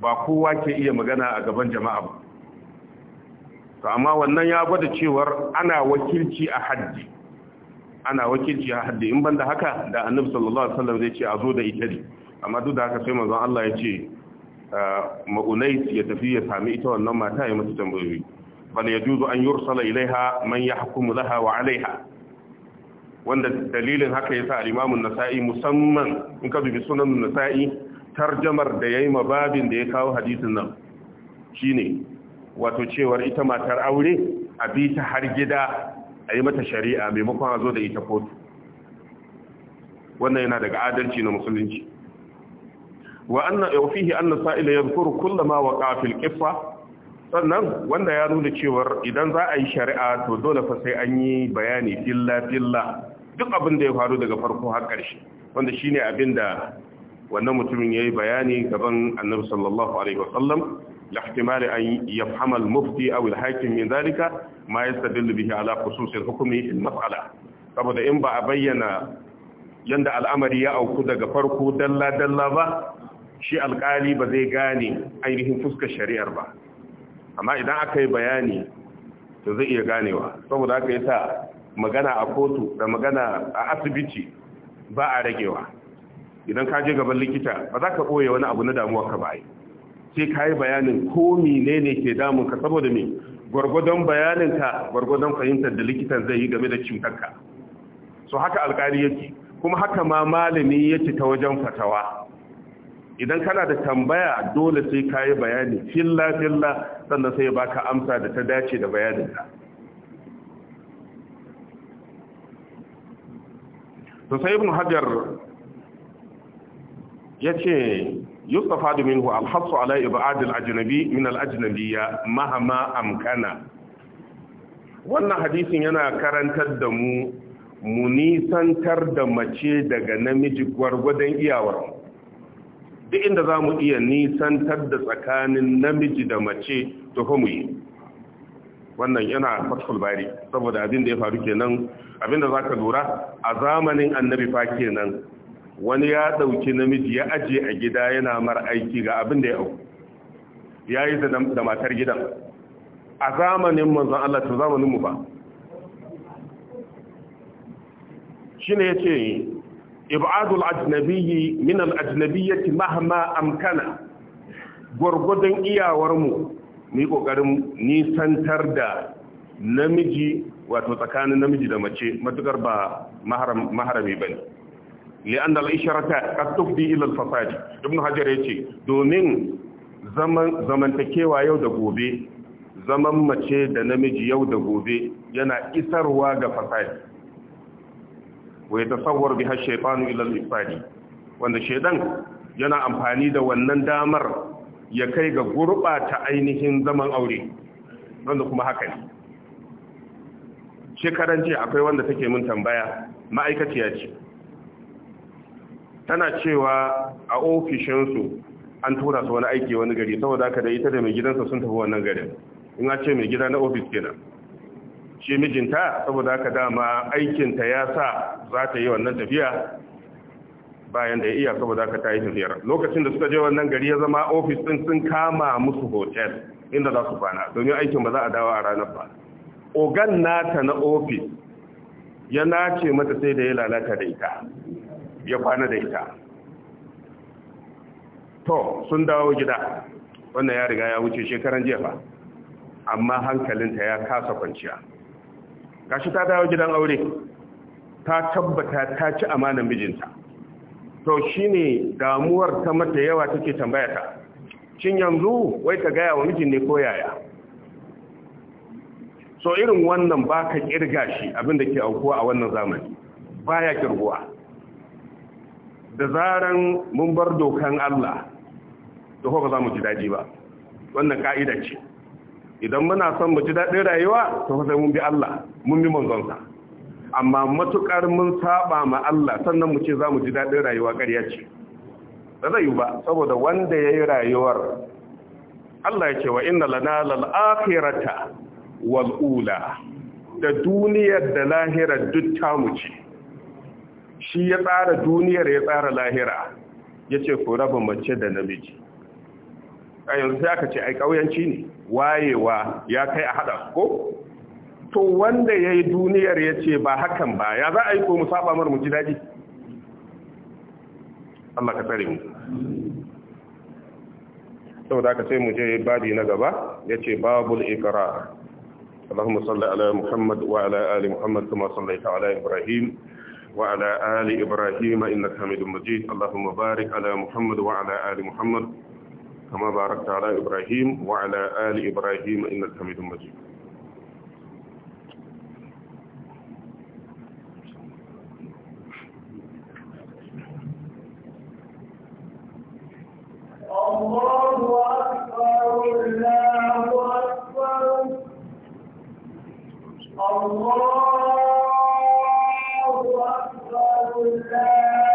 ba kowa ke iya magana a gaban jama'a ba to amma wannan ya gwada cewar ana wakilci a haddi ana wakilci a haddi in banda haka da annabi sallallahu alaihi wasallam zai ce a zo da ita ne amma duk da haka sai manzon Allah ya ce ah, ma'unai ya tafi ya sami ita wannan mata ya mata tambayoyi bal yajuzu an yursala ilaiha man yahkumu laha wa alaiha wanda dalilin haka yasa al-Imam an-Nasa'i musamman in ka dubi sunan an-Nasa'i tarjamar da yayi mababin da ya kawo hadisin nan shine wato cewar ita matar aure a bi ta har gida a yi mata shari'a maimakon a zo da ita kotu wannan yana daga adalci na musulunci wa anna yawfihi anna sa'ila yadhkuru kullama waqa fil qifa sannan wanda ya nuna cewar idan za a yi shari'a to dole fa sai an yi bayani filla filla duk abin da ya faru daga farko har ƙarshe wanda shine abin da wannan mutumin yayi bayani gaban Annabi sallallahu alaihi wasallam ya hamal mufti a wilhakin الحاكم من ذلك ما يستدل به على خصوص الحكم في المسألة saboda in ba a bayyana yadda al'amari ya auku daga farko dalla-dalla ba shi alƙali ba zai gane ainihin fuskar shari'ar ba amma idan aka yi bayani to zai iya ganewa saboda aka yi sa magana a kotu da magana a asibiti ba a ragewa idan ka je gaban likita ba za ka ɓoye wani abu na damuwa ka bayi sai ka yi bayanin ko ne ne ke damun ka saboda me gwargwadon ka gwargwadon fahimtar da likitan zai yi game da cutarka so haka alkali yake kuma haka ma malami yake ta wajen fatawa idan kana da tambaya dole sai ka yi bayani filla filla sannan sai baka amsa da ta dace da bayaninka to sai ibn hajar ya ce yustafa da minhu alhassu ala ibadil ajnabi min al'ajnabiya mahama amkana wannan hadisin yana karantar da mu mu nisantar da mace daga namiji gwargwadon iyawarmu duk inda za mu iya nisantar da tsakanin namiji da mace to fa mu yi wannan yana fatul bari saboda abin da ya faru kenan abin da za ka lura a zamanin annabi fa kenan wani ya ɗauki namiji ya aje a gida yana mara aiki ga abin da ya au ya yi da matar gidan a zamanin manzan Allah ta zamaninmu ba shi ne ya ce ibadul ajnabiyyi min al ajnabiyyati mahma amkana gurgudun iyawar mu ni kokarin nisantar da namiji wato tsakanin namiji da mace matukar ba maharam maharami bane li'an al isharata qad tufdi ila al fasadi ibn hajar yace domin zaman zamantakewa yau da gobe zaman mace da namiji yau da gobe yana isarwa ga fasadi wai tasawwar biha shaytanu ila al ifadi wanda shaydan yana amfani da wannan damar ya kai ga gurɓata ainihin zaman aure wanda kuma haka ne shekaran ce akwai wanda take mun tambaya ma'aikaciya ce tana cewa a ofishinsu an tura su wani aiki wani gari saboda haka da ita da mai gidansa sun tafi wannan garin in a ce mai gida na ofis kenan shi mijinta saboda haka dama aikinta ya sa za ta yi wannan tafiya bayan da ya iya saboda haka ta yi tafiyar lokacin da suka je wannan gari ya zama ofis ɗin sun kama musu hotel inda za su kwana domin aikin ba za a dawo a ranar ba ogan nata na ofis ya nace mata sai da ya lalata da ita ya kwana da ita to sun dawo gida wannan ya riga ya wuce shekaran jiya ba amma hankalinta ya kasa kwanciya gashi ta dawo gidan aure ta tabbata ta ci amanan mijinta to shine damuwar ta mata yawa take tambaya ta shin yanzu wai ta gaya wa mijin ne ko yaya so irin wannan baka kirga shi abinda ke aukuwa a wannan zamani baya kirguwa da zaran mun bar dokan Allah to ko ba za mu ji daji ba wannan ka'ida ce idan muna son mu ji daɗin rayuwa to sai mun bi Allah mun bi manzonsa amma matukar mun saba ma Allah sannan mu ce za mu ji daɗin rayuwa ƙarya ce ba zai yi ba saboda wanda ya yi rayuwar Allah ya ce wa inna lana lal'afirata wal'ula da duniyar da lahira duk mu ce shi ya tsara duniyar ya tsara lahira ya ce ku raba mace da namiji a yanzu sai aka ce ai ƙauyanci ne wayewa ya kai a haɗa ko to wanda ya yi duniyar ya ce ba hakan ba ya za a yi ko mu saba mar mu ji daɗi Allah ka tsare mu da aka sai mu je babi na gaba ya ce babul ikrar اللهم صل على محمد وعلى آل محمد كما صليت على إبراهيم وعلى آل إبراهيم إنك حميد مجيد اللهم بارك على محمد وعلى آل محمد كما باركت على إبراهيم وعلى آل إبراهيم إنك حميد مجيد الله أكبر الله أكبر الله أكبر الله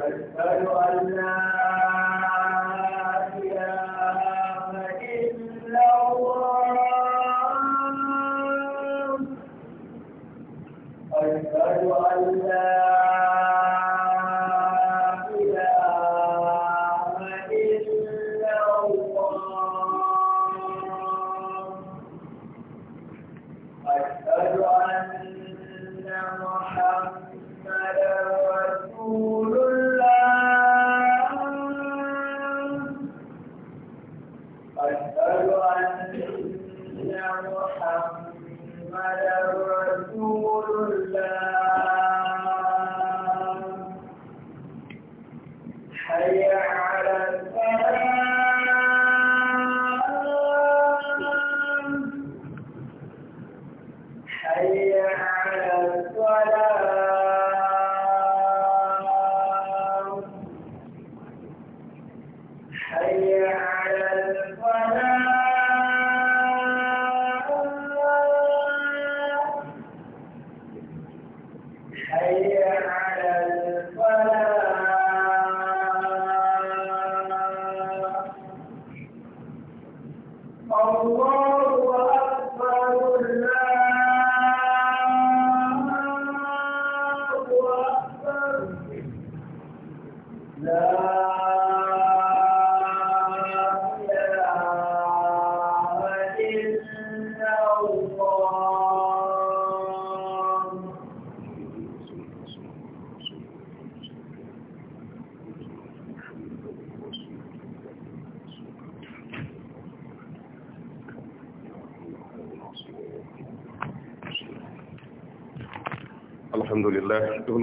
فاسألوا أن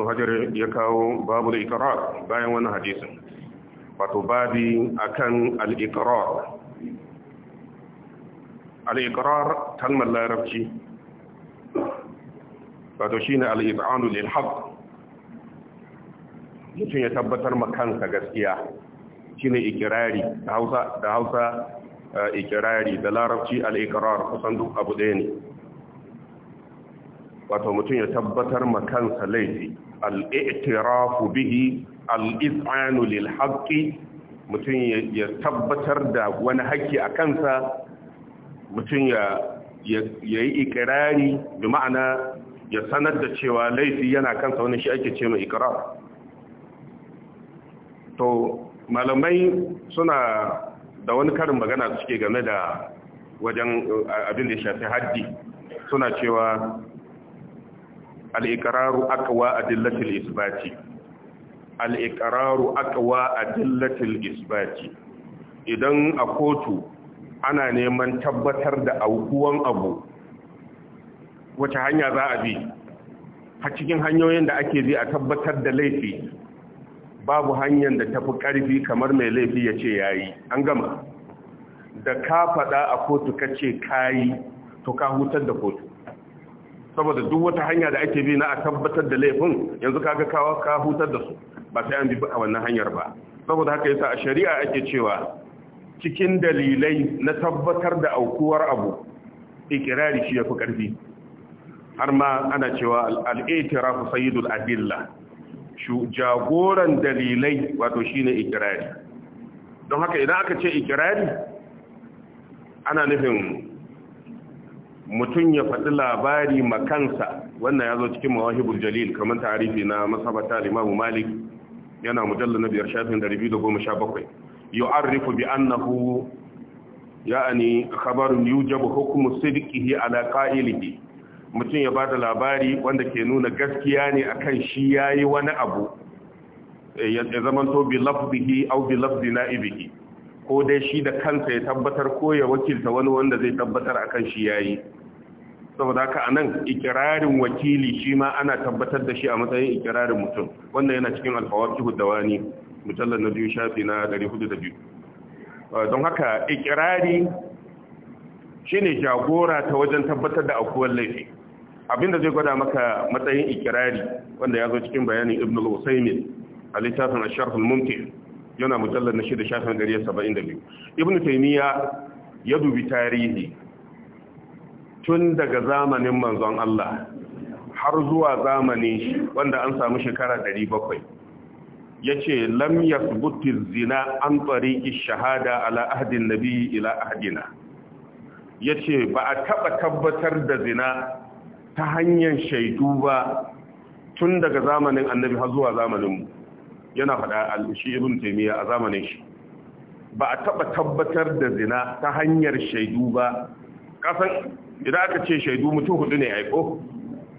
hajar ya kawo babu da iqrar bayan wani hadisun wato babi akan al'ikirar. Al'ikirar al kalmar larabci wato shine ne al’ibanu lil haqq mutum ya tabbatar ma kansa gaskiya ne ikirari da Hausa Hausa eh, ikirari da larabci al'ikirar kusan duk abu ɗaya ne wato mutum ya tabbatar ma kansa laifi al'i'tirafu bihi al'iz'anu lil mutum ya tabbatar da wani haƙƙi a kansa mutum ya yi ikirari bi ma'ana ya sanar da cewa laifi yana kansa wani shi ake ce mai ikirar to malamai suna da wani karin magana suke game da wajen abin da ya shafi haddi suna cewa al-iqraru aqwa adillatil isbati aka wa a adillatil isbati idan a kotu ana neman tabbatar da aukuwan abu wace hanya za a bi a cikin hanyoyin da ake bi a tabbatar da laifi babu hanyar da tafi karfi kamar mai laifi ya ce ya yi an gama da ka faɗa a kotu ka ce ka yi to ka hutar da kotu saboda duk wata hanya da ake bi na a tabbatar da laifin yanzu kaga kawo ka hutar da su ba sai an bi a wannan hanyar ba saboda haka yasa a shari'a ake cewa cikin dalilai na tabbatar da aukuwar abu ikirari shi yafi karfi har ma ana cewa al-i'tirafu sayyidul adilla shu jagoran dalilai wato shine ikirari don haka idan aka ce ikirari ana nufin mutum ya faɗi labari makansa wannan ya zo cikin mawahibul jalil kamar tarihi na masabata limamu malik yana mujallar na biyar shafin da ribi da goma sha bakwai yu'arrifu bi annahu ya'ani jabu hukumu hukmu hi ala qa'ilihi mutum ya bada labari wanda ke nuna gaskiya ne akan shi ya yi wani abu eh, ya zamanto bi lafbihi au bi lafzi na'ibihi ko dai shi da kansa ya tabbatar ko ya wakilta wani wanda zai tabbatar akan shi yayi saboda haka a nan ikirarin wakili shi ma ana tabbatar da shi a matsayin ikirarin mutum wannan yana cikin alfawar kihudawani mujallar na biyu shafi na 402 uh, don haka ikirari shi ne jagora ta wajen tabbatar da akuwar laifi abinda zai gwada maka matsayin ikirari wanda ya zo cikin bayanin ibn al-usaimin a littafin asharhul mumkin yana mujallar na shida shafin 72 ibn taymiya ya dubi tarihi tun daga zamanin manzon Allah har zuwa zamanin shi wanda an samu shekara 700 yace lam yathbuti zina an tariqi shahada ala ahdin nabi ila ahdina yace ba a taba tabbatar da zina ta hanyar shaidu ba tun daga zamanin annabi har zuwa zamanin mu yana faɗa al-shi ibn taymiya a zamanin shi ba a taba tabbatar da zina ta hanyar shaidu ba kasan idan aka ce shaidu mutum hudu ne aiko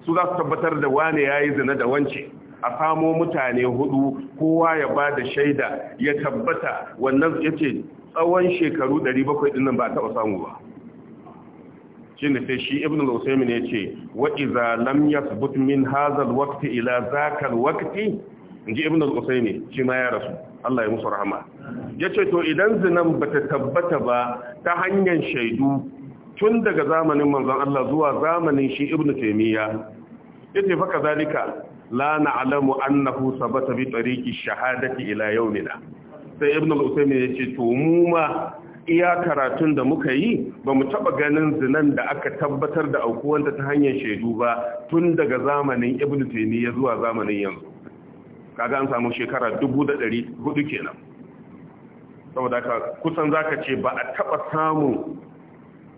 su za su tabbatar da wane ya yi zina da wance a samo mutane hudu kowa ya ba da shaida ya tabbata wannan ya ce tsawon shekaru 700 dinnan ba taɓa samu ba shi ne sai shi ibn al-usaimi ne ce wa iza lam yasbut min ila zakar waqti inji ibn al shi ma ya rasu Allah ya musu rahama yace to idan zinan bata tabbata ba ta hanyar shaidu tun daga zamanin manzon Allah zuwa zamanin shi ibnu taymiya yace fa kazalika la na'lamu annahu sabata bi tariqi shahadati ila yawmina sai ibnu al-usaymin yace to mu ma iya karatun da muka yi ba mu taba ganin zinan da aka tabbatar da aukuwanta ta hanyar shaidu ba tun daga zamanin ibnu taymiya zuwa zamanin yanzu kaga an samu shekara 1400 kenan saboda kusan zaka ce ba a taba samu.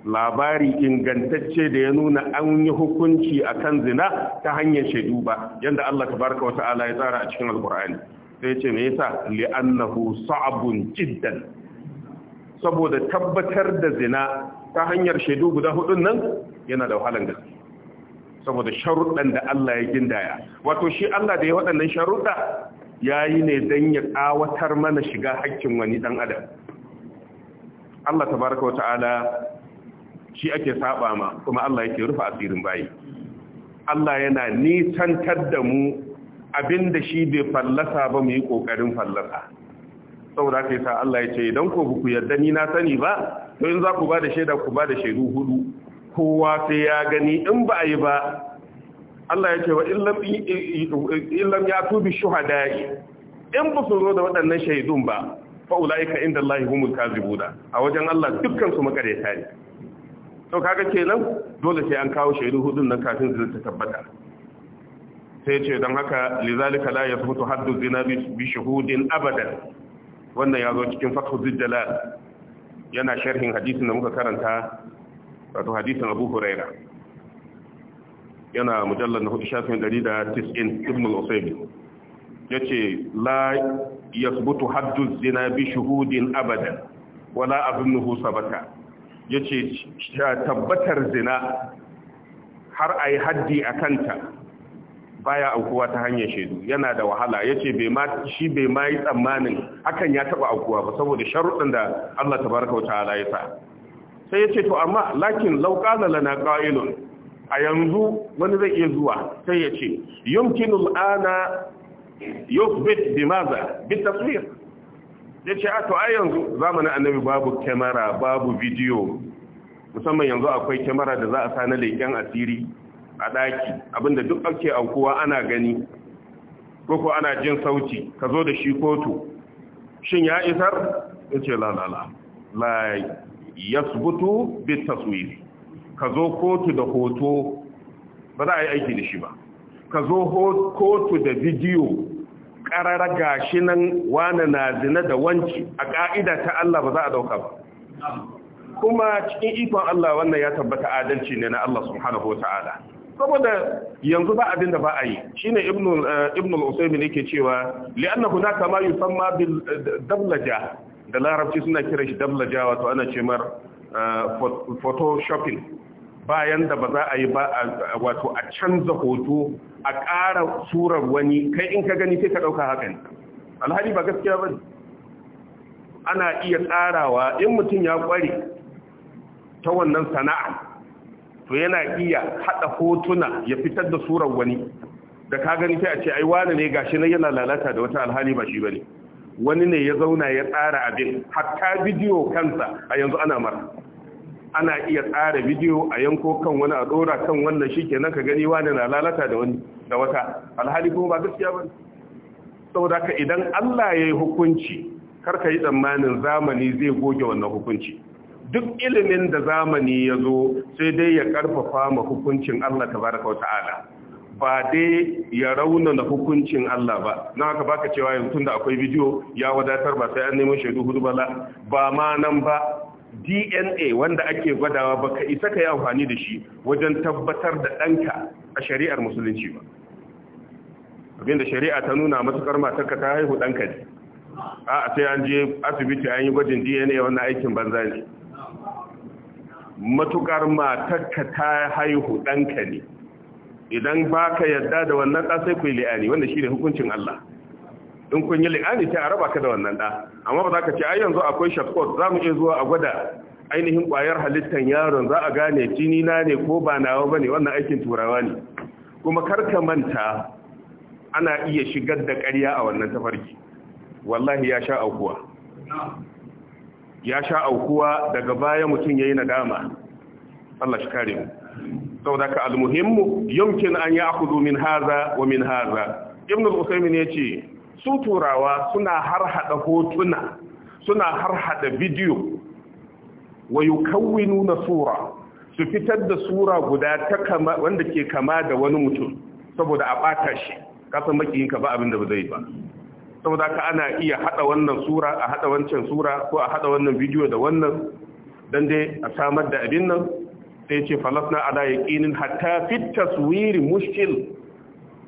labari ingantacce da ya nuna an yi hukunci a kan zina ta hanyar shaidu ba Yadda Allah Ta baraka wa ta'ala ya tsara a cikin alkur'ani sai ce me yasa li'annahu sa'abun jiddan saboda tabbatar da zina ta hanyar shaidu guda hudun nan yana da wahalan gaske saboda sharuɗan da Allah ya gindaya wato shi Allah da ya waɗannan sharuɗa yi ne don ya ƙawatar mana shiga haƙƙin wani ɗan adam Allah Ta baraka wa ta'ala shi ake saba ma kuma Allah yake rufe asirin bayi Allah yana nisantar da mu abinda shi bai fallasa ba mu yi kokarin fallasa saboda kai sa Allah ya ce idan ko buku yarda ni na sani ba to in za ku ba da shaida ku ba da shaidu hudu kowa sai ya gani in ba a yi ba Allah ya ce wa illam ya tubi shuhada'i in ba su zo da waɗannan shaidun ba ula'ika inda Allah humul kazibuna a wajen Allah dukkan su makareta ne to kaga kenan dole sai an kawo shaidu hudun nan kafin zai ta tabbata sai ce don haka lizalika la yasbutu haddu zina bi shuhudin abadan wannan ya zo cikin fathu zijjalal yana sharhin hadisin da muka karanta wato hadisin Abu Huraira yana mujallal na shafin 190 Ibn al-Usaymi yace la yasbutu haddu zina bi shuhudin abadan wala abunhu sabata ya ce tabbatar zina har a yi haddi a kanta baya aukuwa ta hanyar shaidu yana da wahala ya ce shi bai ma yi tsammanin hakan ya taba aukuwa ba saboda sharuɗin da Allah ta baraka wata ala ya sa sai ya ce to amma lakin lauƙala lana ƙa'ilun a yanzu wani zai iya zuwa sai ya ce yumkinul ana yusbit bimaza bi ya ce a to ai yanzu zamanin annabi babu kyamara babu bidiyo musamman yanzu akwai kyamara da za a sa na leken asiri a ɗaki abinda duk ake aukuwa ana gani koko ana jin sauti ka zo da shi kotu shin ya isar ya ce lalala la ya subutu bit taswiri ka zo kotu da hoto ba za a yi aiki da shi ba ka zo kotu da bidiyo karara gashi nan wane na zina da wanci, a ƙa'ida ta Allah ba za a ɗauka ba kuma cikin ikon Allah wannan ya tabbata adalci ne na Allah subhanahu ta’ala. saboda yanzu ba abin da ba a yi shine ne Ibn al yake cewa li'anna kama ma yusamma bil dablaja da larabci suna kiran shi dablaja wato ana ce mar eh, photoshopping bayan da ba za a yi ba wato a canza hoto a ƙara surar wani kai in ka gani sai ka ɗauka hakan alhali ba gaskiya ba ana iya tsarawa in mutum ya ƙware ta wannan sana'a to yana iya haɗa hotuna ya fitar da surar wani da ka gani sai a ce ai wani ne gashi na yana lalata da wata alhali ba shi bane wani ne ya zauna ya tsara abin hatta bidiyo kansa a yanzu ana mara ana iya tsara bidiyo a yanko kan wani a dora kan wannan shi kenan ka gani wani na lalata da wani da wata alhali kuma ba gaskiya ba saboda ka idan Allah ya yi hukunci kar ka yi tsammanin zamani zai goge wannan hukunci duk ilimin da zamani ya zo sai dai ya karfafa ma hukuncin Allah ta ka ta'ala ba dai ya raunana hukuncin Allah ba na haka baka cewa yanzu da akwai bidiyo ya wadatar ba sai an nemo shaidu hudu bala ba ma nan ba dna wanda ake gwadawa ba ka isa ka yi amfani da shi wajen tabbatar da ɗanka a shari'ar musulunci ba abinda shari'a ta nuna matuƙar matarka ta haihu ɗanka ne a sai an je asibiti an yi gwajin dna wannan aikin banza ne matukar matarka ta haihu ɗanka ne idan ba ka yadda da wannan ɗan sai ku yi li'ani wanda shi ne hukuncin Allah in kun yi li'ani sai a raba ka da wannan da amma ba za ka ce ai yanzu akwai shortcut za mu iya zuwa a gwada ainihin kwayar halittar yaron za a gane jini na ne ko ba nawa ba ne wannan aikin turawa ne kuma karka manta ana iya shigar da ƙarya a wannan tafarki wallahi ya sha aukuwa ya sha aukuwa daga baya mutum ya yi nadama Allah shi kare mu saboda ka almuhimmu yumkin an ya akudu min haza wa min haza ibn al-usaymin yace su turawa suna haɗa hotuna suna har harhaɗa bidiyo wa yukawwinu na sura su fitar da sura guda ta kama wanda ke kama da wani mutum saboda a bata shi kasan makiyinka ba abin da ba zai ba saboda ka ana iya hada wannan sura a hada wancan sura ko a hada wannan bidiyo da wannan dan dai a samar da abin nan sai ce falasna ala yaqinin hatta fit taswir mushkil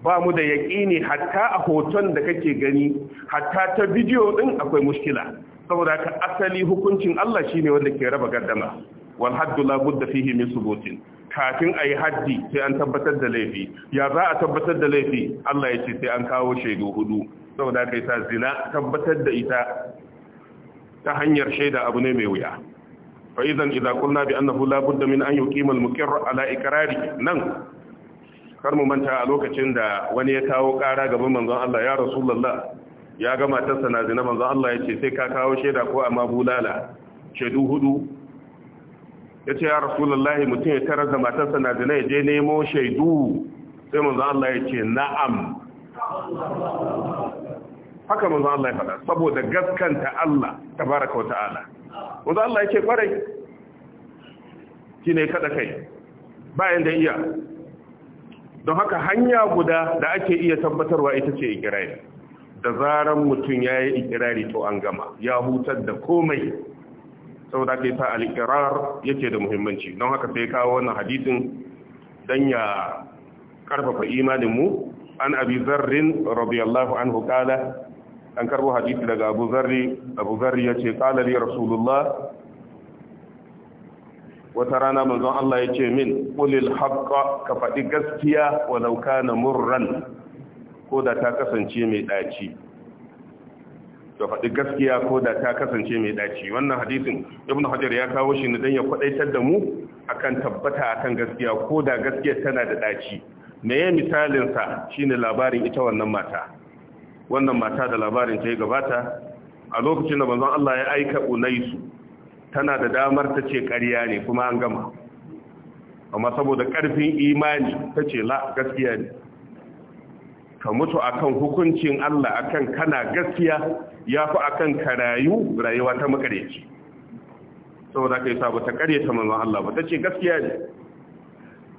ba mu da yaƙini hatta a hoton da kake gani hatta ta bidiyo ɗin akwai mushkila saboda ka asali hukuncin Allah shine wanda ke raba gardama wal haddu la budda fihi min subutin kafin yi haddi sai an tabbatar da laifi ya za a tabbatar da laifi Allah ya ce sai an kawo shaidu hudu saboda kai sa zina tabbatar da ita ta hanyar shaida abu ne mai wuya fa idan idza qulna bi annahu la budda min an yuqima al muqirra ala ikrari nan kar mu manta a lokacin da wani ya kawo ƙara gaban manzon Allah ya rasulullah ya ga matarsa na zina manzon Allah ya ce sai ka kawo shaida ko amma bulala shaidu hudu ya ce ya rasulullah mutum ya tarar da matarsa na zina ya je nemo shaidu sai manzon Allah ya ce na'am haka manzon Allah ya faɗa saboda gaskanta Allah tabaraka wa ta'ala manzon Allah ya ce kwarai ne kada kai bayan da iya don haka hanya guda da ake iya tabbatarwa ita ce ikirari da zaran mutum ya yi ikirari to an gama ya hutar da komai saboda ka ta al'ikirar yake da muhimmanci don haka sai kawo wannan hadisin don ya karfafa imaninmu an abi zarrin radiyallahu an kala an karbo hadisi daga abu zarri abu zarri ya ce kala rasulullah wata rana manzon Allah ya ce min qulil haqqa ka faɗi gaskiya walau kana murran ko da ta kasance mai daci ka faɗi gaskiya ko da ta kasance mai daci wannan hadisin ibnu hajar ya kawo shi ne dan ya kwadaitar da mu akan tabbata akan gaskiya ko da gaskiya tana da daci ya misalin sa shine labarin ita wannan mata wannan mata da labarin ta ya gabata a lokacin da manzon Allah ya aika unaisu tana da damar ta ce ƙarya ne kuma an gama amma saboda ƙarfin imani ta ce la gaskiya ne ka mutu akan hukuncin Allah akan kana gaskiya ya fi akan ka rayu rayuwa ta makareci saboda ka yi sabu ta ƙarya ta mamman Allah ba ta ce gaskiya ne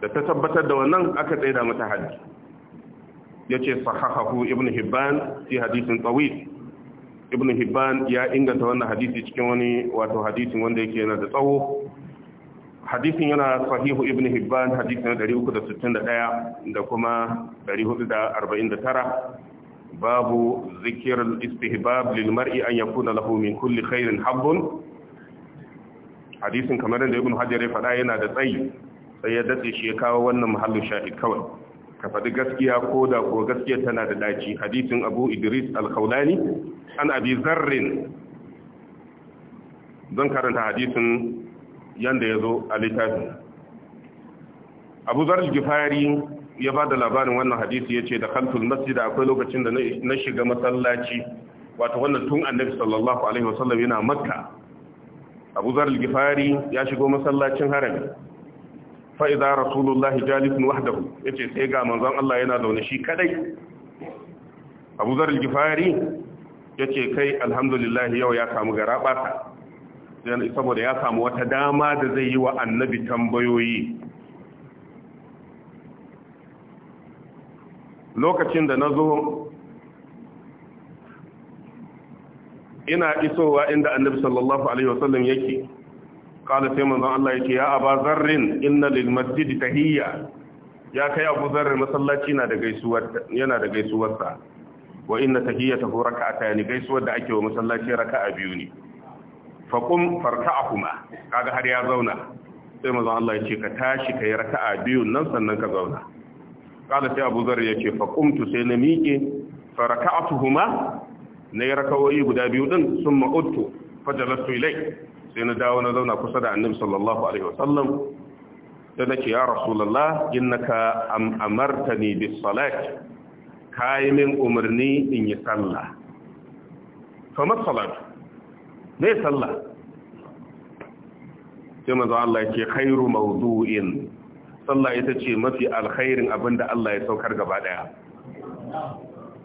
da ta tabbatar da wannan aka da mata ya ce sahahahu ibn hibban fi hadisin Tsawid. ibn hibban ya inganta wannan hadisi cikin wani wato hadisin wanda yake yana da tsawo hadisin yana sahihu ibn hibban hadisi na 361 da kuma 449 babu zikir istihbab lil mar'i an yakuna lahu min kulli khairin habbun hadisin kamar da ibn hajar ya faɗa yana da tsayi sai ya dace shi ya kawo wannan muhallin shahid kawai ka faɗi gaskiya ko da ko gaskiya tana da daci hadisin abu idris al-khawlani an abi zarrin zan karanta hadisin yanda ya zo a littafin abu zarar gifari ya ba da labarin wannan hadisi ya ce da kantul masjid akwai lokacin da na shiga masallaci wato wannan tun annabi sallallahu alaihi wasallam yana makka abu zarar gifari ya shigo masallacin harami fa idza rasulullahi jalisun wahdahu yace sai ga manzon Allah yana zaune shi kadai Abu Zar al yace kai alhamdulillah yau ya samu garaba saboda ya samu wata dama da zai yi wa annabi tambayoyi lokacin da na zo ina isowa inda annabi sallallahu alaihi wasallam yake kala sai manzon Allah yake ya aba zarrin inna lil masjid tahiyya ya kai abu zarrin masallaci na da gaisuwar yana da gaisuwar sa wa inna tahiyyatahu rak'ata ni gaisuwar da ake wa masallaci raka'a biyu ne fa qum farka'ahuma kaga har ya zauna sai manzon Allah yake ka tashi kai raka'a biyu nan sannan ka zauna kala sai abu zarrin yake fa qumtu sai na miƙe na raka'o'i guda biyu din sun ma'uttu fajalastu ilai sai na dawo na zauna kusa da annabi sallallahu alaihi wasallam sai nake ya rasulullah innaka am amartani bis salat kai min umarni in yi sallah fa ma salat me sallah sai manzo Allah yake khairu mawdu'in sallah ita ce mafi alkhairin abinda Allah ya saukar gaba daya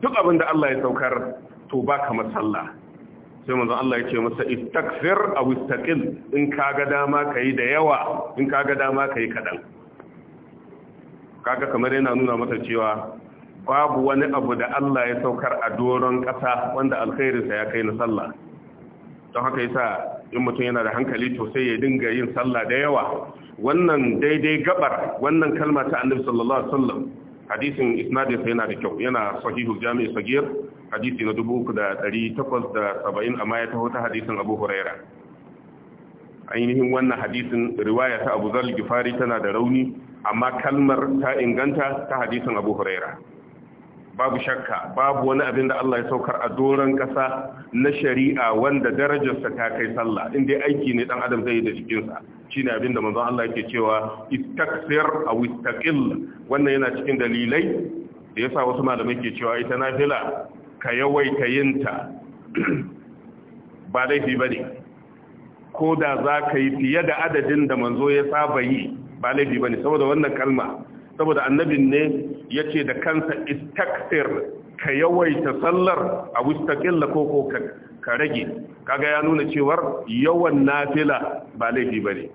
duk abinda Allah ya saukar to baka masallah sai manzon Allah ya ce masa istakfir aw istaqil in kaga dama kai da yawa in kaga dama kai kadan kaga kamar yana nuna mata cewa babu wani abu da Allah ya saukar a doron kasa wanda alkhairinsa ya kai na sallah don haka yasa in mutum yana da hankali to sai ya dinga yin sallah da yawa wannan daidai gabar wannan kalma ta annabi sallallahu alaihi wasallam hadisin isnadin sa yana da kyau yana sahihu jami'i sagir hadisi na dubu uku da ɗari takwas da saba'in a ya taho ta hadisin abu huraira ainihin wannan hadisin riwaya ta abu zal gifari tana da rauni amma kalmar ta inganta ta hadisin abu huraira babu shakka babu wani abin da Allah ya saukar a doron ƙasa na shari'a wanda darajarsa ta kai sallah inda aiki ne dan adam zai yi da jikinsa shine abin da manzon Allah yake cewa istaksir aw istaqil wannan yana cikin dalilai da yasa wasu malamai ke cewa ita nafila ka yawaita yinta ba laifi ba ne ko da za ka yi fiye da adadin da manzo ya saba yi ba laifi ba ne saboda wannan kalma saboda annabin ne ya ce da kansa istakfir ka yawaita sallar a wistaƙilla ko ko ka rage kaga ya nuna cewar yawan nafila ba laifi ba ne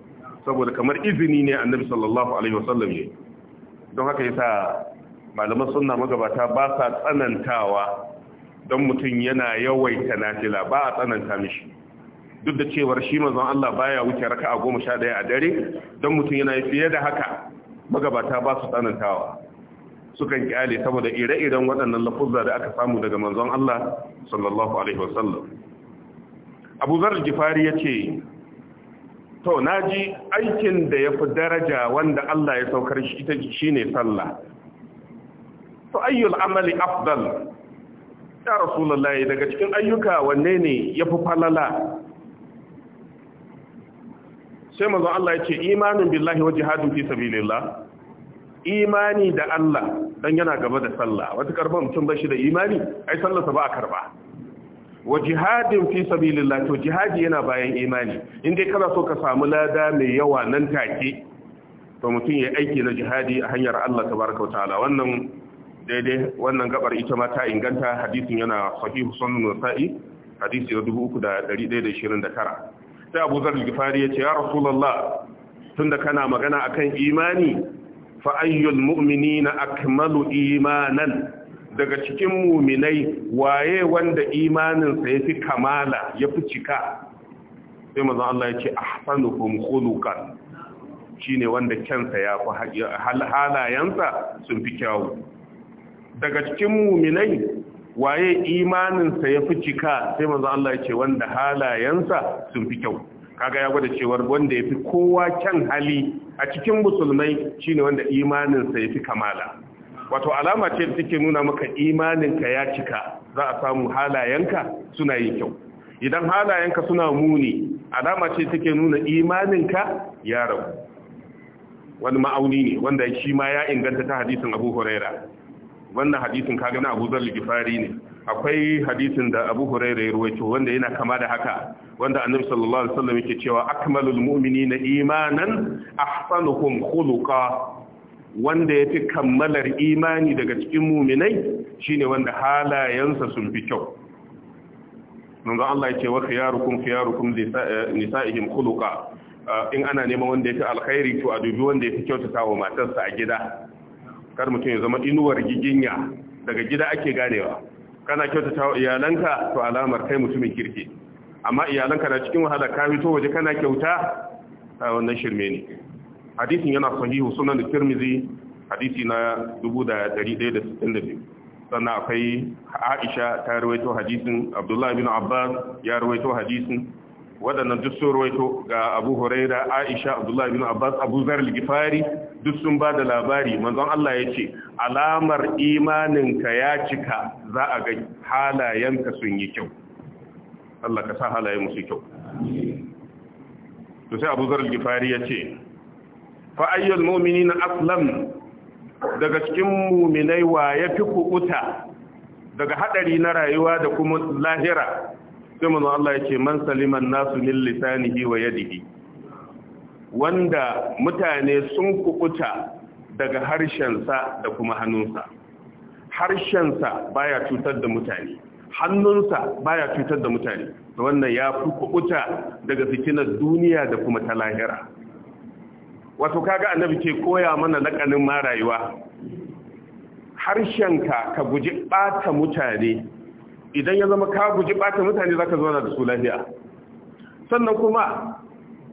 saboda kamar izini ne annabi sallallahu alaihi wasallam ya don haka yasa malaman sunna magabata ba sa tsanantawa don mutum yana yawaita nafila ba a tsananta mishi duk da cewar shi mazan Allah baya wuce raka a goma sha ɗaya a dare don mutum yana fiye da haka magabata ba su tsanantawa sukan kyale saboda ire-iren waɗannan lafuzza da aka samu daga manzon Allah sallallahu alaihi wasallam Abu Zar Jifari yace to naji aikin da yafi daraja wanda Allah ya saukar shi ita shine sallah to ayyul amali afdal ya rasulullahi daga cikin ayyuka wanne ne ya fi falala sai mazo Allah ya ce imanin billahi wa jihadin fi sabilillah imani da Allah dan yana gaba da sallah wata karba mutum bashi da imani ai sa ba karba wa jihadin fi sabilillah to jihadi yana bayan imani in dai kana so ka samu lada mai yawa nan take to mutum ya aiki na jihadi a hanyar Allah tabaraka wa ta'ala wannan daidai wannan gabar ita ma ta inganta hadisin yana sahih sunan nasa'i hadisi na 3129 sai Abu Zarri Gifari ya ce ya Rasulullah tunda kana magana akan imani fa ayyul mu'minina akmalu imanan daga cikin muminai waye wanda imaninsa ya fi kamala ya fi cika sai mazan Allah ya ce ahsanukum khuluqan shine wanda kyansa ya fi halayensa sun fi kyawu daga cikin muminai waye imaninsa ya fi cika sai manzo Allah ya ce wanda halayensa sun fi kyau kaga ya gwada cewar wanda ya fi kowa kyan hali a cikin musulmai shine wanda imaninsa ya fi kamala wato alama ce da take nuna maka imaninka ya cika za a samu halayenka suna yin kyau idan halayenka suna muni alama ce take nuna imaninka ya rabu wani ma'auni ne wanda shi ma ya inganta ta hadisin abu huraira wannan hadisin kaga na Abu Dharr ne akwai hadisin da Abu Huraira ya ruwaito wanda yana kama da haka wanda Annabi sallallahu alaihi wasallam yake cewa akmalul na imanan ahsanuhum khuluqa wanda yafi kammalar imani daga cikin mu'minai shine wanda halayensa sun fi kyau manzo Allah yake wa khiyarukum khiyarukum eh, nisa'ihim khuluqa ah, in ana neman wanda yafi alkhairi to a dubi wanda yafi kyautatawa matarsa a gida kar mutum ya zama inuwar giginya daga gida ake ganewa kana kyautata wa iyalanka to alamar kai mutumin kirki amma iyalanka na cikin wahala ka fito waje kana kyauta a wannan shirme ne hadisin yana sahihu sunan tirmizi hadisi na 1162 sannan akwai aisha ta rawaito hadisin abdullahi bin abbas ya rawaito hadisin waɗannan duk sun ruwaito ga abu huraira aisha abdullahi bin abbas abu zar gifari duk sun ba da labari manzon allah ya ce alamar imaninka ya cika za a ga halayenka sun yi kyau allah ka sa halaye musu kyau to sai abu zar gifari ya ce fa'ayyar mumini na aslam daga cikin muminai wa ya fi kuɓuta daga haɗari na rayuwa da kuma lahira sai manzo Allah ce man saliman nasu min lisanihi wa yadihi wanda mutane sun kukuta daga harshensa da kuma hannunsa harshensa baya cutar da mutane hannunsa baya cutar da mutane da wannan ya fi kukuta daga fitinar duniya da kuma ta lahira wato kaga annabi ke koya mana lakanin ma rayuwa ka, ka guji ɓata mutane idan ya zama ka guji bata mutane zaka zauna da su lafiya sannan kuma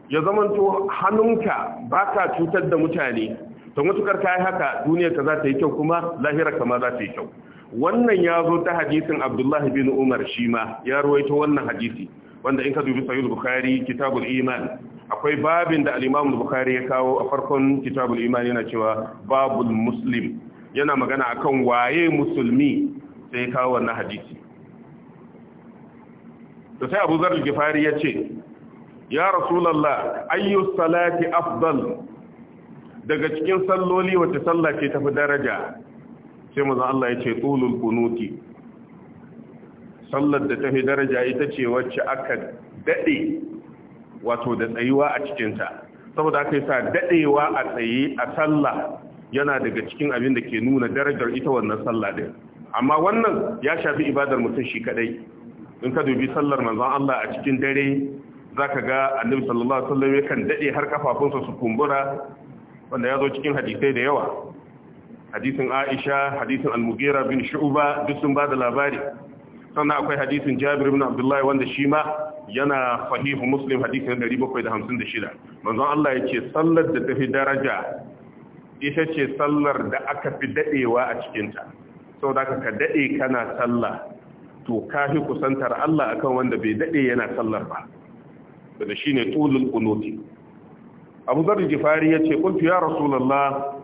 ya zamanto hannunka baka cutar da mutane to mutukar kai haka duniyar ka za ta yi kyau kuma lahira kama za ta yi kyau wannan ya zo ta hadisin Abdullah bin Umar shi ma ya ruwaito wannan hadisi wanda in ka dubi sahih bukhari kitabul iman akwai babin da al-imam bukhari ya kawo a farkon kitabul iman yana cewa babul muslim yana magana akan waye musulmi sai ya kawo wannan hadisi da sai abu zarar gifari ya ce ya rasulallah ayyu salati afdal daga cikin salloli wacce sallah ce tafi daraja sai maza Allah ya ce tulul kunuti sallar da tafi daraja ita ce wacce aka daɗe wato da tsayuwa a cikinta saboda aka yi sa daɗewa a tsaye a sallah yana daga cikin abin da ke nuna darajar ita wannan sallah din amma wannan ya shafi ibadar mutum shi kadai in ka dubi sallar manzon Allah a cikin dare zaka ga annabi sallallahu alaihi wasallam dade har kafafunsa su kumbura wanda ya zo cikin hadisai da yawa hadisin Aisha hadisin Al-Mughira bin Shu'ba duk sun bada labari sannan akwai hadisin Jabir ibn Abdullah wanda shi ma yana sahihu Muslim hadisin 756 manzon Allah yake sallar da tafi daraja ita ce sallar da aka fi dadewa a cikin ta saboda ka dade kana sallah to kafi kusantar Allah akan wanda bai dade yana sallar ba da shine tulul qunuti Abu Dharr Jifari yace kuntu ya Rasulullah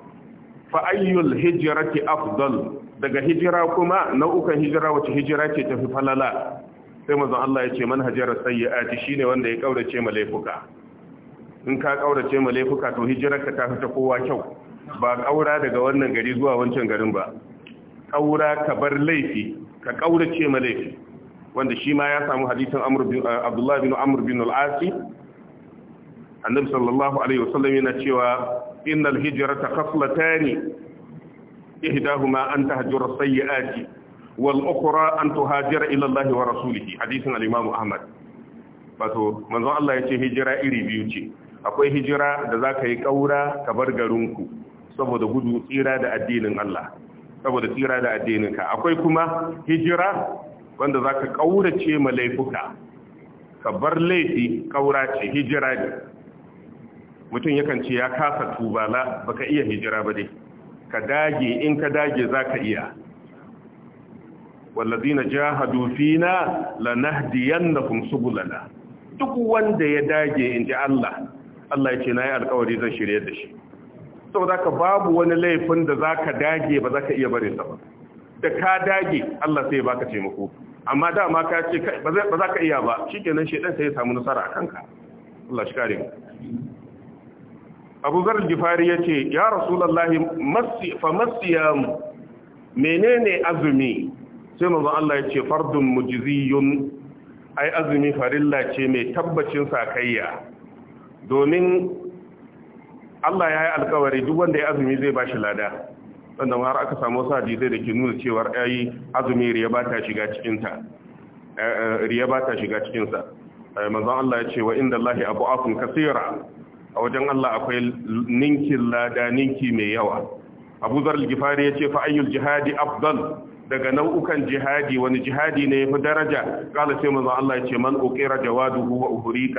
fa ayyul hijrati afdal daga hijira kuma nau'ukan hijira wace hijira ce tafi falala sai manzon Allah yace man hajara sayyi'ati shine wanda ya kaurace malaifuka in ka kaurace to to hijirarka ta fita kowa kyau ba kaura daga wannan gari zuwa wancan garin ba kaura ka bar laifi ka kaurace ma laifi wanda shi ma ya samu hadisin abdullahi bin eh, Amur, bin al'asi annabi sallallahu alaihi wasallam yana cewa innal hijrata khaslatani ihdahuma an tahjura sayyi'ati wal ukhra an tuhajira ila Allah wa rasulihi, hadisin al-imam ahmad wato manzo Allah ya ce hijira iri biyu ce akwai hijira da zaka yi kaura ka bar garinku saboda gudu tsira da addinin Allah saboda tsira da addininka akwai kuma hijira wanda za ka ƙaurace ma laifuka ka bar laifi ƙaurace hijira ne mutum yakan ce ya kasa tubala baka iya hijira ba dai ka dage in ka dage za ka iya wallazina na na lanahdiyannahum bulala duk wanda ya dage in ji Allah Allah ya ce na yi alkawari zan shirye da shi saboda ka babu wani laifin da za ka dage ba za ka iya barin ba da ka dage Allah sai baka taimako amma dama ka ce ba za ka iya ba shikenan shedan sai ya samu nasara a kanka Allah shi kare Abu Zar Gifari yace ya Rasulullahi massi fa masiyam menene azumi sai manzo Allah yace fardun mujziyun ai azumi farilla ce mai tabbacin sakayya domin Allah ya yi alkawari duk wanda ya azumi zai ba shi lada wanda har aka samu wasu hadisai da ke nuna cewa yayi azumi riya ba ta shiga cikinsa. Eh, eh, ta eh, manzon Allah ya ce wa inda Allahi abu'afun kaseera a wajen Allah akwai ninkin lada ninki mai yawa Abu Zar ya ce fa ayyul jihadi afdal daga nau'ukan jihadi wani jihadi ne ya fi daraja kala sai manzon Allah ya ce man uqira jawaduhu wa uhri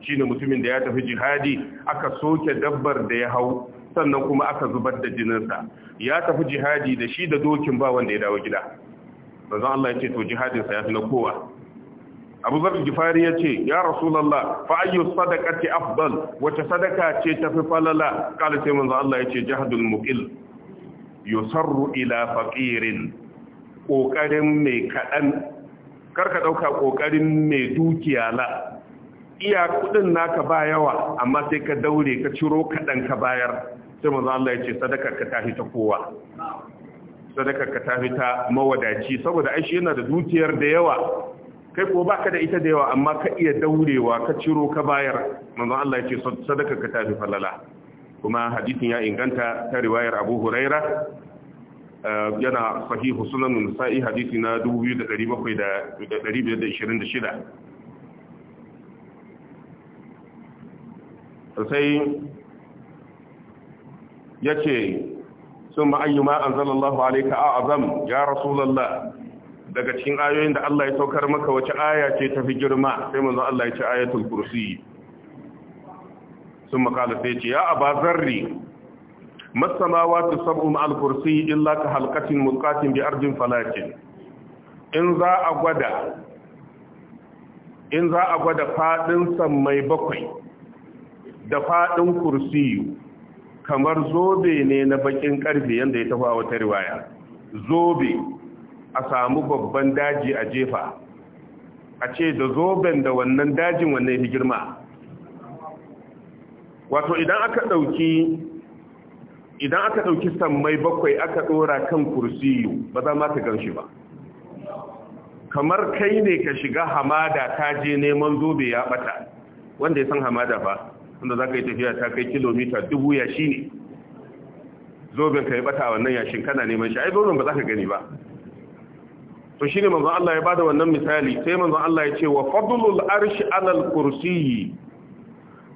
Shi ne mutumin da ya tafi jihadi aka soke dabbar da ya hau sannan kuma aka zubar da jininsa ya tafi jihadi da shi da dokin ba wanda ya dawo gida manzon Allah ya ce to jihadinsa ya fi na kowa Abu Zar Gifari ya ce ya Rasulullah fa ayyu sadaqati afdal wace sadaka ce ta tafi falala kala sai manzon Allah ya ce jihadul muqil yusarru ila faqirin kokarin mai kadan karka dauka kokarin mai dukiya la iya kudin naka ba yawa amma sai ka daure ka ciro kadan ka bayar sai manzo Allah ya ce sadakar ka tafi ta kowa sadakar ka tafi ta mawadaci saboda ai shi yana da dukiyar da yawa kai ko baka da ita da yawa amma ka iya daurewa ka ciro ka bayar manzo Allah ya ce sadakar ka tafi falala kuma hadisin ya inganta ta riwayar abu huraira eh, yana sahihu sunan sa'i hadisi na 2726 sai ya ce sun ma'ayyu ma'an zalallahu alaika a azam ya rasulallah daga cikin ayoyin da Allah ya saukar maka wace aya ce ta fi girma sai manzo Allah ya ce ayatul kursi sun makala sai ce ya aba zarri masamawa ta sab'un alkursi illa ka halkacin mulkatin bi arjin falakin in za a gwada in za a gwada faɗin sammai bakwai da faɗin kursi kamar zobe ne na bakin karfe yadda ya a wata riwaya zobe a samu babban daji a jefa a ce da zoben da wannan dajin wannan fi girma wato idan aka ɗauki idan aka ɗauki sammai bakwai aka ɗora kan kursiyu ba za ma ka ganshi ba kamar kai ne ka shiga hamada ta je neman zobe ya ɓata wanda ya san hamada ba wanda za ka yi tafiya ta kai kilomita dubu ya shi ne zoben ka yi ɓata a wannan yashin kana neman shi ai zoben ba za ka gani ba to shine manzon Allah ya bada wannan misali sai manzon Allah ya ce wa fadlul arshi alal kursiyyi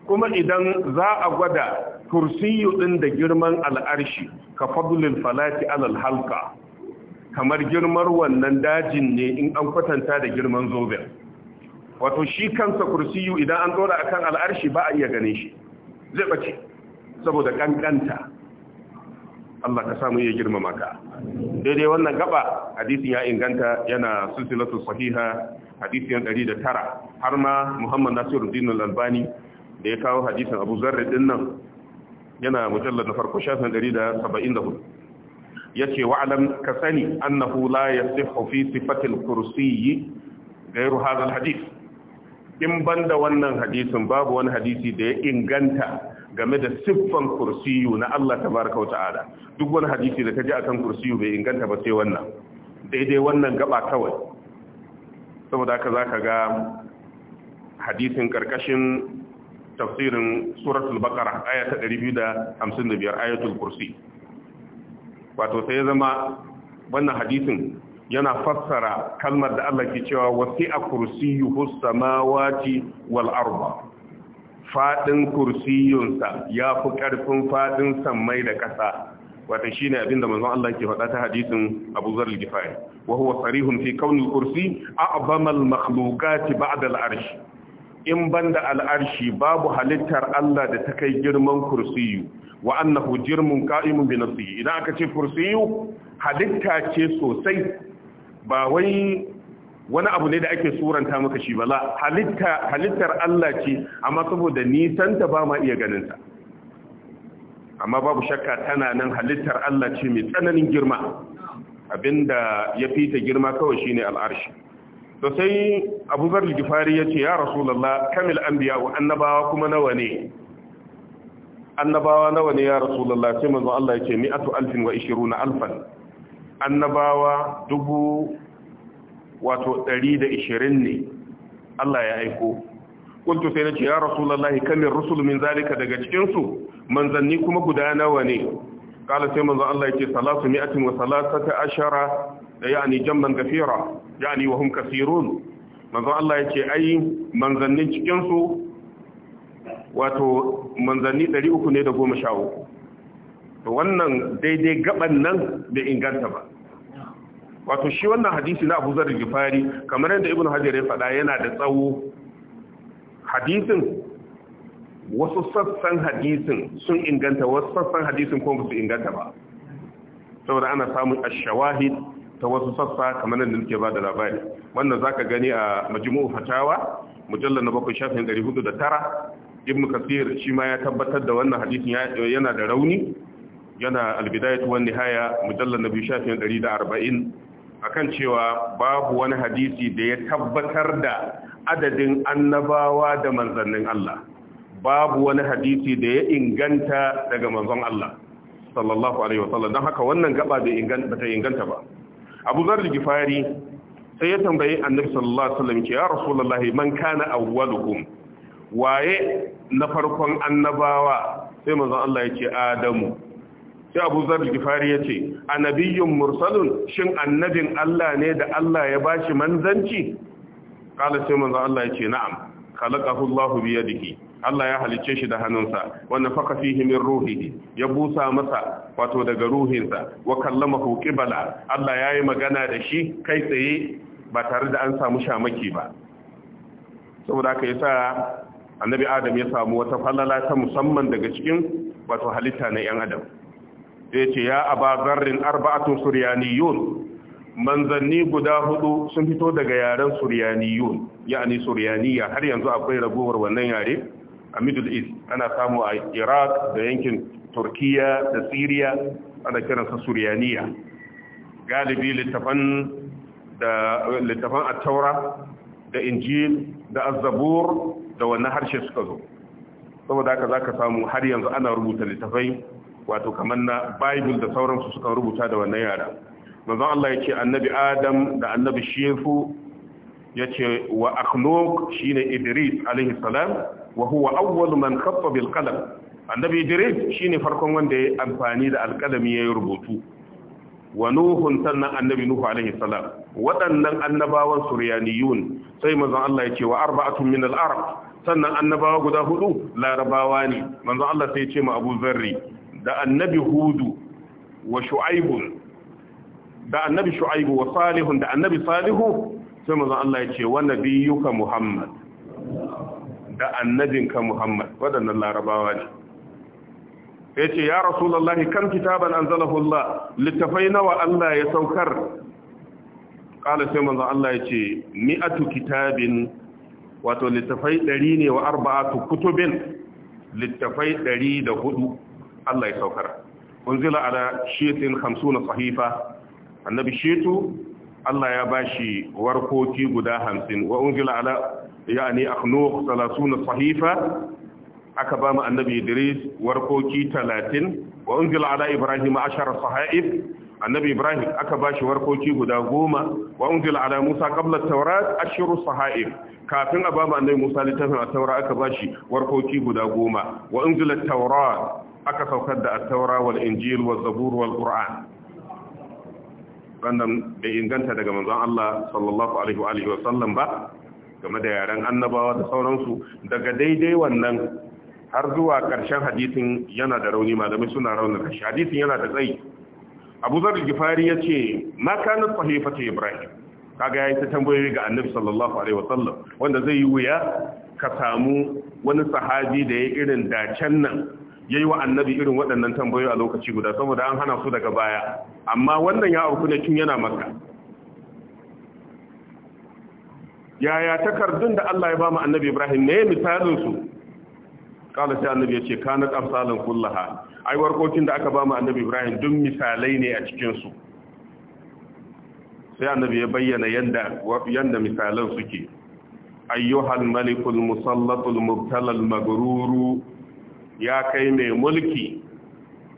kuma idan za a gwada kursiyu ɗin da girman al'arshi ka fadulil falati alal halka kamar girmar wannan dajin ne in an kwatanta da girman zobe wato shi kansa kursiyu idan an a akan al'arshi ba a iya gane shi zai bace saboda ƙanƙanta. Allah ka samu iya girmama ka daidai wannan gaba hadisin ya inganta yana silsilatu sahiha hadisin 109 har ma Muhammad Nasiruddin Al-Albani da ya kawo hadisin abu zarri din nan yana mujallar na farko shafin hudu ya ce wa'alam ka sani annahu la ya siffo fi sifatil kursiyi gairu hazal hadis in banda wannan hadisin babu wani hadisi da ya inganta game da siffan kursiyu na Allah tabaraka wa ta'ala duk wani hadisi da ka ji akan kursiyu bai inganta ba sai wannan daidai wannan gaba kawai saboda haka zaka ga hadisin karkashin tafsirin suratul baqara aya ta 255 ayatul kursi wato sai zama wannan hadisin yana fassara kalmar da Allah ke cewa wasi'a kursiyuhu samawati wal arda fadin kursiyunsa fi karfin fadin sammai da ƙasa wata shi ne abinda manzon Allah ke faɗa ta hadisin Abu Zar wa huwa sarihun fi kauni al-kursi a'zamal makhluqati ba'da al-arsh in banda al'arshi babu halittar Allah da ta kai girman kursiyu wa annahu kai mun bi nafsihi idan aka ce kursiyu halitta ce sosai ba wai wani abu ne da ake suranta maka shi ba halittar Allah ce amma saboda nisan ta ba ma iya ganinta amma babu shakka tana nan halittar Allah ce mai tsananin girma abinda ya fita girma kawai shine al'arshi to sai abuzar gifari ya ce ya rasulallah kamil anbiya wa annabawa kuma nawa ne annabawa nawa ne ya rasulallah sai manzo Allah ya ce mi'atu alfin wa ishiruna alfan annabawa dubu wato ɗari da ishirin ne Allah ya aiko kuntu sai na ce ya rasulallah kamil rusul min zalika daga cikinsu manzanni kuma guda nawa ne قال sai ذا Allah yake salatu mi'atin wa salatata ashara da yani jamman gafira yani wa hum kasirun manzo Allah yake ai manzannin cikin su wato manzanni 300 ne da to wannan daidai gaban nan da inganta ba wato shi wannan hadisi na Abu da Gifari kamar yadda Ibn Hajar ya faɗa yana da tsawo hadisin wasu sassan hadisin sun inganta wasu sassan hadisin kuma su inganta ba saboda ana samun ashawahid ta wasu sassa kamar nan da nake ba da labari wannan zaka gani a majmu'u fatawa mujallal na bakwai shafin 409 ibn kasir shi ma ya tabbatar da wannan hadisin yana da rauni yana albidayatu wan nihaya mujallal na biyu shafin 140 akan cewa babu wani hadisi da ya tabbatar da adadin annabawa da manzannin Allah babu wani hadisi da ya inganta daga manzon Allah sallallahu alaihi wasallam don haka wannan gaba bai inganta ta inganta ba Abu Zar Gifari sai ya tambayi Annabi sallallahu alaihi wasallam ya Rasulullahi man kana awwalukum waye na farkon annabawa sai manzon Allah ya ce Adamu sai Abu Zar Gifari ya ce annabiyyun mursalun shin annabin Allah ne da Allah ya bashi manzanci kala sai manzon Allah ya ce na'am khalaqahu Allahu bi yadihi Allah ya halicce shi da hannunsa wanda faka fihi min ruhihi ya busa masa wato daga ruhinsa wa kallamahu qibala Allah yayi magana da shi kai tsaye ba tare da an samu shamaki ba saboda haka yasa annabi adam ya samu wata falala ta musamman daga cikin wato halitta na yan adam sai ce ya aba zarrin arba'atun suryaniyun manzanni guda hudu sun fito daga yaren suryaniyun yani suryaniya har yanzu akwai raguwar wannan yare a middle east ana samu a iraq da yankin turkiya da syria ana kiransa suryaniya galibi littafan a taura attaura da injil da azabur da wannan harshe suka zo saboda haka zaka samu har yanzu ana rubuta littafai wato kamar na bible da sauransu suka rubuta da wannan yara manzan Allah ya ce annabi adam da annabi shefu ya ce wa akhluk shine idris alaihi salam wa huwa awwal man khaffa bil qalam annabi idris shine farkon wanda ya amfani da alkalami yayin rubutu wa nuhun sannan annabi nuhu alaihi salam waɗannan annabawan suryaniyun sai manzon Allah ya ce wa arba'atun min al-arab sannan annabawa guda hudu larabawa ne manzon Allah sai ya ce ma Abu Zarri da annabi Hudu wa Shu'aibun da annabi Shu'aibu wa Salihun da annabi Salihu sai manzon Allah ya ce wa nabiyyuka Muhammad da annabinka Muhammad waɗannan larabawa ne ya ce ya rasulallah kan kitaban an zalahullah littafai nawa Allah ya saukar ƙala sai manzan Allah ya ce mi'atu kitabin wato littafai ɗari ne wa arba'atu kutubin littafai ɗari da hudu Allah ya saukar unzila ala shetin hamsu na sahifa annabi shetu Allah ya bashi warkoki guda hamsin wa unzila ala a yani akhnuq 30 sahifa aka ba mu annabi Idris warkoki talatin. wa unzila ala Ibrahim 10 sahaif annabi Ibrahim aka bashi warkoki guda goma. wa unzila ala Musa qabla at-taurat ashru sahaif kafin a ba mu annabi Musa littafin a taura aka bashi warkoki guda goma. wa unzila at-taurat aka saukar da at-taura wal injil wa zabur wal qur'an wannan bai inganta daga manzon Allah sallallahu alaihi wa alihi wa sallam ba game da yaren annabawa da sauransu daga daidai wannan har zuwa ƙarshen hadisin yana da rauni malamai suna raunin kashi hadisin yana da tsayi abu zar gifari ya ce makanin sahifata ibrahim kaga ya yi ta tambayoyi ga annabi sallallahu alaihi sallam, wanda zai yi wuya ka samu wani sahabi da ya irin dacen nan ya yi wa annabi irin waɗannan tambayoyi a lokaci guda saboda an hana su daga baya amma wannan ya auku ne tun yana makka yaya takardun da Allah ya ba mu annabi Ibrahim ne misalin su kala sai annabi ya ce kanat amsalan kullaha ai warkokin da aka ba mu annabi Ibrahim duk misalai ne a cikin su sai annabi ya bayyana yanda yanda misalan suke ayyuhal malikul musallatul mubtalal magruru ya kai mai mulki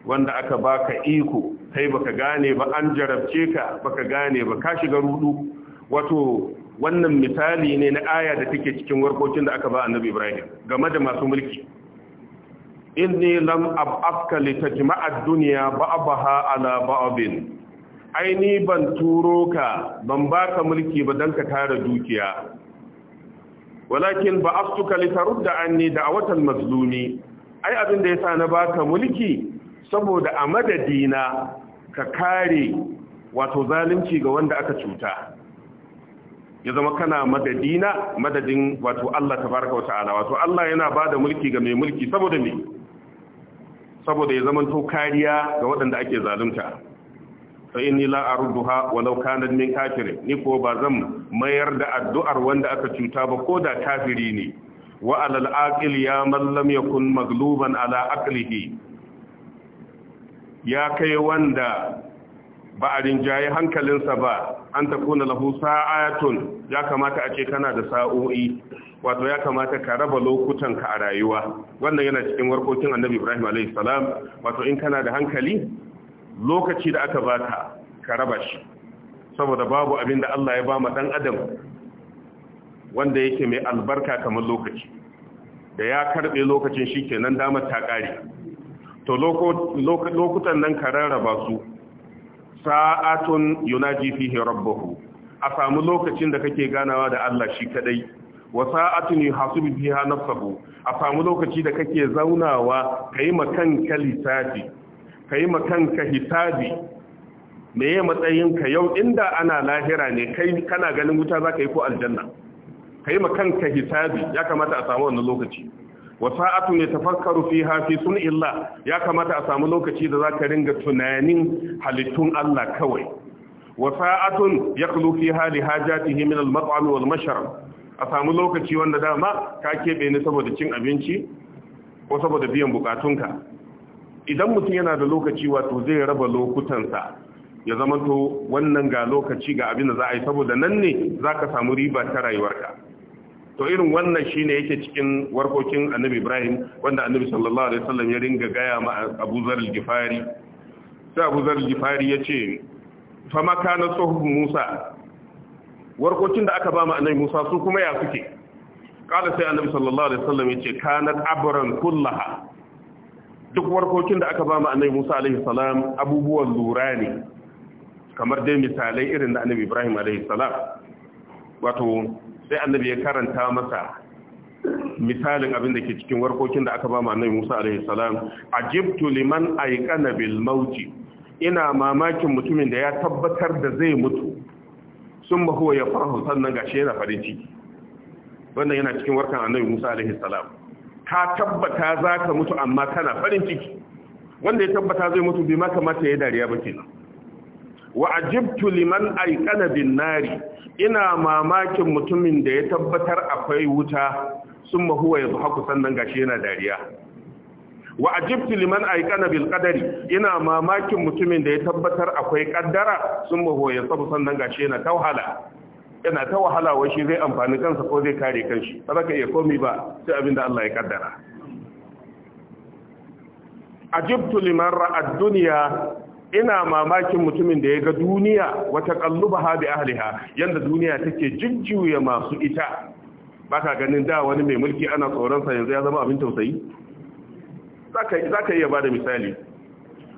wanda aka baka iko kai baka gane ba an jarabce ka baka gane ba ka shiga rudu wato wannan misali ne na aya da take cikin warkokin da aka ba annabi Ibrahim game da masu mulki inni lam ab'aka litajma'a ad-dunya ba'daha ala ba'din aini ban turo ka ban baka mulki ba dan ka tara dukiya walakin ba'astuka litarudda anni da'watal mazlumi ai abin da yasa na baka mulki saboda a madadina ka kare wato zalunci ga wanda aka cuta ya zama kana madadina madadin wato Allah Ta wa wata'ala wato Allah yana ba da mulki ga mai mulki saboda ne. saboda ya zama to kariya ga waɗanda ake zalunta fa inni la wa walau kanat min kafirin ni ko ba zan mayar da addu'ar wanda aka cuta ba ko da kafiri ne wa alal aqil ya man lam yakun magluban ala aqlihi ya kai wanda ba a rinjaye hankalinsa ba an ta kuna lafu sa'atun ya kamata a ce kana da sa'o'i wato ya kamata ka raba ka a rayuwa wannan yana cikin warkokin annabi ibrahim a.s. wato in kana da hankali lokaci da aka baka ka raba shi saboda babu abin da Allah ya ba ma dan adam wanda yake mai albarka kamar lokaci da ya karɓe lokacin shi kenan damar ta kare to lokutan nan ka rarraba su sa'atun yunaji fihi rabbahu a samu lokacin da kake ganawa da Allah shi kadai wa sa'atun yuhasibu biha nafsuhu a samu lokaci da kake zaunawa kai makan kalisabi kai makan ka hisabi ya matsayin ka yau inda ana lahira ne kai kana ganin wuta zaka yi ko aljanna kai makan ka hisabi ya kamata a samu wannan lokaci wa sa'atun yatafakkaru hafi fi illa, ya kamata a samu lokaci da zaka ringa tunanin halittun Allah kawai wa sa'atun yakhlu fiha li hajatihi min al-mat'am wal mashrab a samu lokaci wanda dama ka kebe ne saboda cin abinci ko saboda biyan bukatunka idan mutum yana da lokaci wato zai raba lokutansa ya zama to wannan ga lokaci ga abin da za a yi saboda nan ne za ka samu riba ta rayuwarka to irin wannan shine yake cikin warkokin annabi ibrahim wanda annabi sallallahu alaihi wasallam ya ringa gaya ma abu zar al-gifari sai abu zar al-gifari ya ce fa makana tsohon musa warkokin da aka ba ma annabi musa su kuma ya suke kala sai annabi sallallahu alaihi wasallam ya ce kana abran kullaha duk warkokin da aka ba ma annabi musa alaihi salam abubuwan lura ne kamar dai misalai irin da annabi ibrahim alaihi salam wato sai annabi ya karanta masa misalin abin da ke cikin warkokin da aka ba ma annabi Musa alaihi salam ajibtu liman ayqana bil maut ina mamakin mutumin da ya tabbatar da zai mutu sun ba huwa ya fahu sannan gashi yana farin ciki wannan yana cikin warkan annabi Musa alaihi salam ka tabbata za ka mutu amma kana farin ciki wanda ya tabbata zai mutu bai ma kamata ya dariya ba kenan wa ajibtu liman aykana bin nari ina mamakin mutumin da ya tabbatar akwai wuta sun huwa ya sannan gashi yana dariya wa ajibtu liman aykana bil qadari ina mamakin mutumin da ya tabbatar akwai kaddara sun huwa ya sabu sannan gashi yana tawhala yana tawhala wai shi zai amfani kansa ko zai kare kanshi ba ya iya komi ba sai abinda Allah ya kaddara ajibtu liman ra'a dunya ina mamakin mutumin da ya ga duniya wata kalluba ha bi ahliha yanda duniya take jujjuya masu ita baka ganin da wani mai mulki ana tsoron sa yanzu ya zama abin tausayi zaka zaka iya bada misali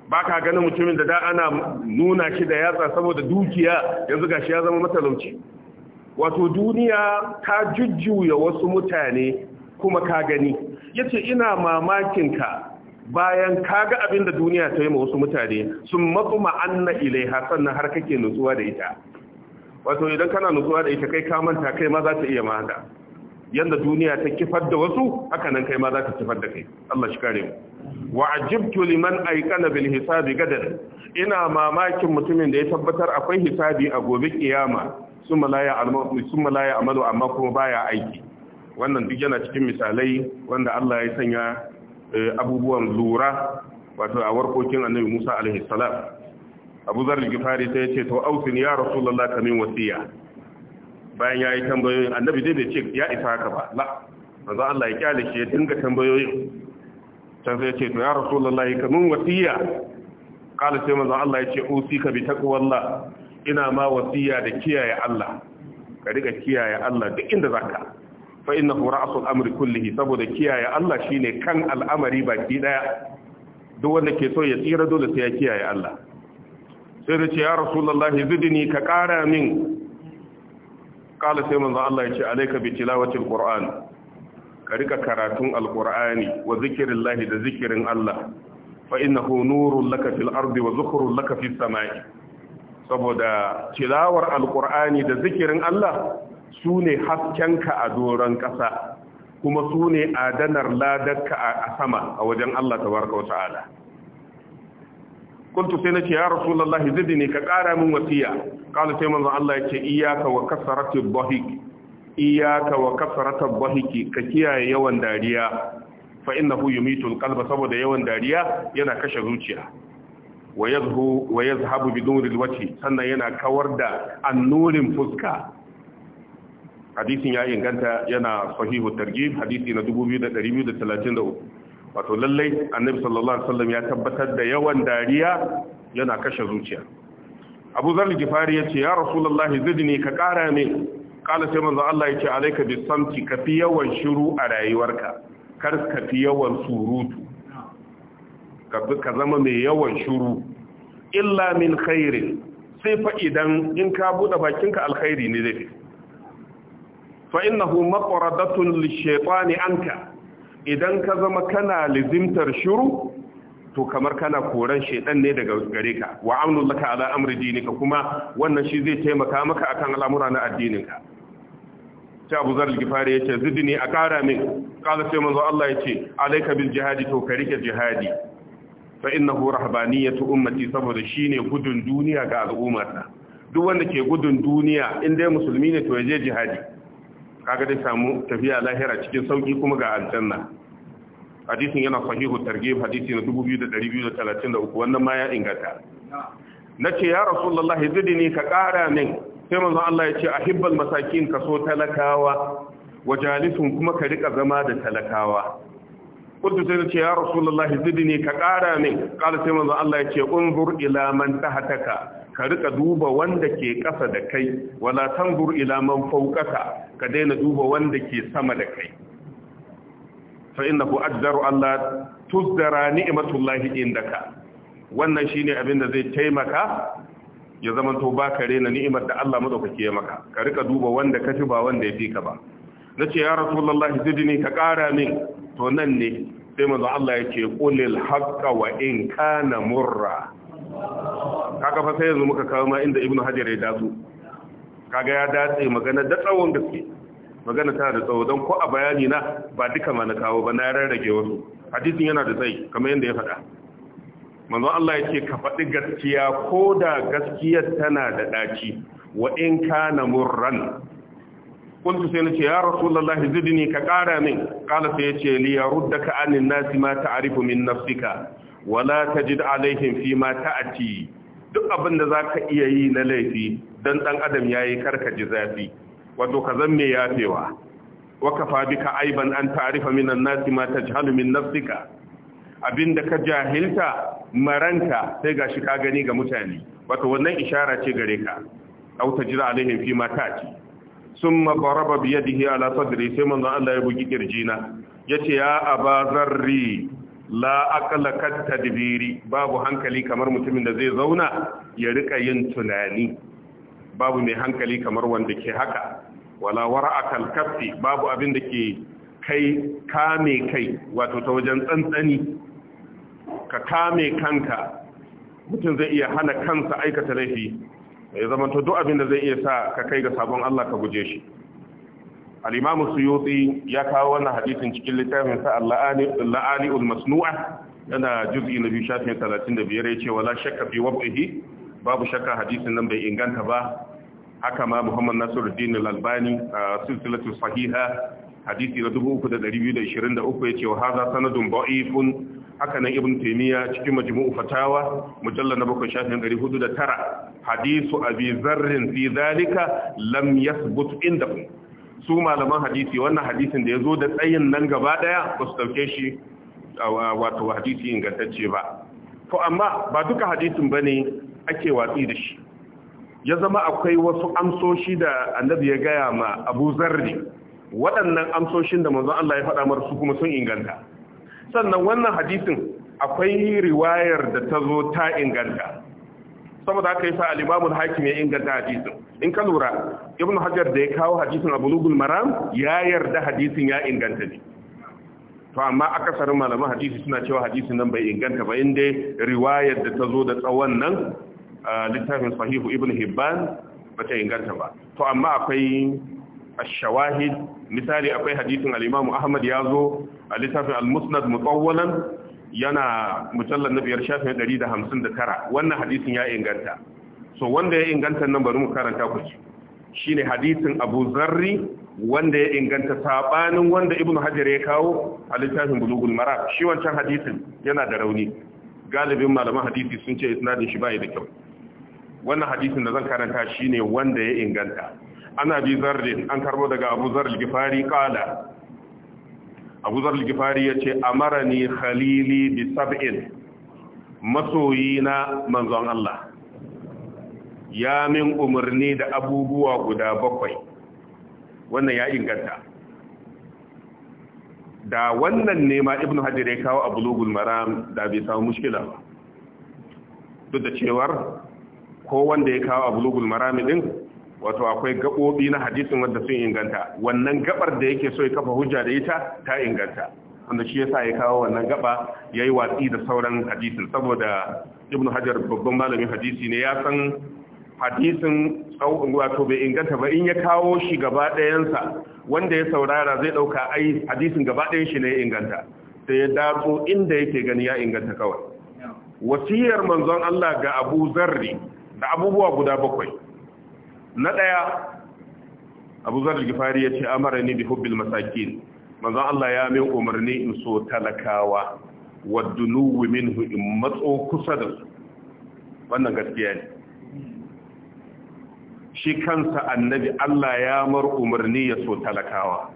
baka ganin mutumin da da ana nuna shi da yatsa saboda dukiya yanzu gashi ya zama matalauci wato duniya ta jujjuya wasu mutane kuma ka gani yace ina mamakin ka bayan kaga abin da duniya ta yi ma wasu mutane sun matsuma anna hasan na har kake nutsuwa da ita wato idan kana nutsuwa da ita kai ka manta kai ma za ta iya mata yadda duniya ta kifar da wasu haka nan kai ma za ta kifar da kai Allah shi kare mu wa ajibtu liman ayqana bil hisabi gadar ina mamakin mutumin da ya tabbatar akwai hisabi a gobe kiyama summa la ya'lamu summa amma kuma baya aiki wannan duk yana cikin misalai wanda Allah ya sanya Eh, abubuwan lura wato a warkokin annabi Musa alaihi salam Abu Zar Gifari sai ce to ausin ya Rasulullah min wasiya bayan yayi tambayoyin annabi dai bai ce ya isa haka ba la manzo Allah ya kyale shi ya dinga tambayoyin sai sai ce to ya Rasulullah min wasiya kala sai manzo Allah yace usika bi taqwallah ina ma wasiya da kiyaye Allah ka riga kiyaye Allah duk inda zaka fa innahu ra'sul amri kullihi saboda kiyaye Allah shine kan al'amari baki daya duk wanda ke so ya tsira dole sai ya kiyaye Allah sai da ce ya rasulullahi zidni ka kara min kala sai manzo Allah ya ce alayka bi tilawatil qur'an ka rika karatun alqur'ani wa zikrillahi da zikirin Allah fa innahu nurul laka fil ardi wa zukhrul laka fis samai saboda tilawar alqur'ani da zikirin Allah su ne haskenka a doron ƙasa kuma su ne adanar ladarka a sama a wajen Allah tabaraka wa ta'ala kuntu sai nace ya rasulullah zidni ka ƙara min wasiya qala sai manzo Allah yace iyaka wa kasratu Bahik iyaka wa kasratu dhahik ka kiyaye yawan dariya fa innahu yumitu alqalba saboda yawan dariya yana kashe zuciya wa yazhu wa yazhabu bidunil sannan yana kawar da annurin fuska hadisin ya inganta yana sahihu Targi. hadisi na 2233 wato lallai annabi sallallahu alaihi wasallam ya tabbatar da yawan dariya yana kashe zuciya Abu Zar Gifari yace ya Rasulullahi zidni ka kara ne. kala sai manzo Allah yace alayka bi samti ka fi yawan shiru a rayuwarka kar ka fi yawan surutu ka zama mai yawan shiru illa min khairin sai fa idan in ka bude bakinka alkhairi ne zai fa innahu maqradatun lishaytani anka idan ka zama kana lizimtar shiru to kamar kana koran shaidan ne daga gare ka wa amnu laka ala amri dinika kuma wannan shi zai taimaka maka akan al'amura na addininka sai Abu Zar al-Ghifari yace zidni a kara min kala sai manzo Allah yace alayka bil jihadi to ka rike jihadi fa innahu rahbaniyatu ummati saboda shine gudun duniya ga al'ummata duk wanda ke gudun duniya in dai musulmi ne to ya je jihadi kaga dai samu tafiya lahira cikin sauki kuma ga aljanna hadisin yana sahihu targhib hadisi na 2233 wannan ma ya inganta nace ya rasulullahi zidni ka kara min sai manzon Allah ya ce ahibbal masakin ka so talakawa wajalisun kuma ka rika zama da talakawa kuntu sai nace ya rasulullahi zidni ka kara min qala sai manzon Allah ya ce unzur ila man tahataka ka rika duba wanda ke ƙasa da kai wala tanzur ila man fawqaka ka daina duba wanda ke sama da kai fa innahu ajdaru Allah tuzdara ni'matullahi indaka wannan shine abin da zai taimaka ya zaman to ba rena ni'imar da Allah madaukake ya maka ka rika duba wanda kafi ba wanda ya fi ka ba nace ya rasulullahi zidni ka ƙara min to nan ne sai manzo Allah yake qulil haqqa wa in kana murra kaga fa sai yanzu muka kawo ma inda ibnu hajar ya dazu kaga ya dace magana da tsawon gaske magana tana da tsawo don ko a bayani na ba duka ma na kawo ba na rarrage wasu hadisin yana da tsayi kamar yadda ya faɗa manzo Allah ya ce ka faɗi gaskiya ko da gaskiyar tana da ɗaci wa in kana murran kuntu sai ce ya rasulullahi zidni ka ƙara min qala sai yace li yaruddaka anin nasi ma ta'rifu min nafsika wala tajid alaihim fi ma ta'ati duk abin da ka iya yi na laifi dan dan adam yayi ji zafi wato ka zan me yafewa wa ka ka aiban an ta'rifa minan nasi ma tajhalu min nafsika abinda ka jahilta maranta sai gashi ka gani ga mutane wato wannan ishara ce gare ka au tajid alaihim fi ma ta'ati summa baraba yadihi ala sadri sai manzo Allah ya bugi kirjina yace ya abazarri la aqla kat tadbiri babu hankali kamar mutumin da zai zauna ya rika yin tunani babu mai hankali kamar wanda ke haka wala wara'a kal babu abin da ke kai kame kai wato ta wajen tsantsani ka kame kanka mutum zai iya hana kansa aikata laifi ya zama to duk abin da zai iya sa ka kai ga sabon Allah ka guje shi Alimamu imamu ya kawo wannan hadisin cikin littafin sa laani al-masnu'a yana juz'i na biyu shafin da talatin biyar. ya ce wala shakka fi wab'ihi babu shakka hadisin nan bai inganta ba haka ma Muhammad Nasiruddin al-Albani a silsilatu sahiha hadisi na 3223 ce wa haza sanadun da'ifun haka nan Ibn Taymiyyah cikin majmu'u fatawa mujallal na 7 shafin 409 hadisu Abi Dharr fi dhalika lam yathbut indahu su malaman hadisi wannan hadisin da ya zo da tsayin nan gaba daya ba su dauke shi wato hadisi ingantacce ba to amma ba duka hadisin ba ne ake watsi da shi ya zama akwai wasu amsoshi da annabi ya gaya ma abu zarri waɗannan amsoshin da manzon Allah ya faɗa mar su kuma sun inganta sannan wannan hadisin akwai riwayar da ta zo ta inganta saboda haka yasa al-Imam al-Hakim ya inganta hadisin in ka lura Ibn Hajar da ya kawo hadisin Abu Lugul Maram ya yarda hadisin ya inganta ne to amma akasarin malaman hadisi suna cewa hadisin nan bai inganta ba inda riwayar da ta zo da tsawon nan littafin sahihu Ibn Hibban ba ta inganta ba to amma akwai ash-shawahid misali akwai hadisin al-Imam Ahmad ya zo a littafin al-Musnad mutawwalan yana mujallar na biyar shafin da da ɗari hamsin tara wannan hadisin ya inganta so wanda ya inganta nan bari mu karanta ku ci ne hadisin Abu Zarri wanda ya inganta sabanin wanda Ibn Hajar ya kawo a littafin bulugul mara shi wancan hadisin yana da rauni galibin malaman hadisi sun ce isnadin shi bai da kyau wannan hadisin da zan karanta shi ne wanda ya inganta ana bi zarri an karbo daga Abu Zarri Gifari kala abu zar gifari ya ce amarani khalili bi sab'in masoyi na manzon Allah ya min umarni da abubuwa guda bakwai wannan ya inganta da wannan nema ma ibn ya kawo a bulugul maram da bai samu mushkila duk da cewar ko wanda ya kawo a bulugul maram din wato akwai gabobi na hadisin wanda sun inganta wannan gabar da yake so ya kafa hujja da ita ta inganta wanda shi yasa ya kawo wannan gaba yayi yi watsi da sauran hadisin saboda ibn hajar babban malamin hadisi ne ya san hadisin wato bai inganta ba in ya kawo shi gaba ɗayansa wanda ya saurara zai ɗauka ai hadisin gaba ɗayan shi ne ya inganta sai ya dazo inda yake gani ya inganta kawai wasiyar manzon Allah ga Abu Zarri da abubuwa guda bakwai na ɗaya abu zarar gifari ya ce amara ne bi hubbil masakin manzan Allah ya min umarni in so talakawa waddunuwi minhu in matso kusa da su wannan gaskiya ne shi kansa annabi Allah ya mar umarni ya so talakawa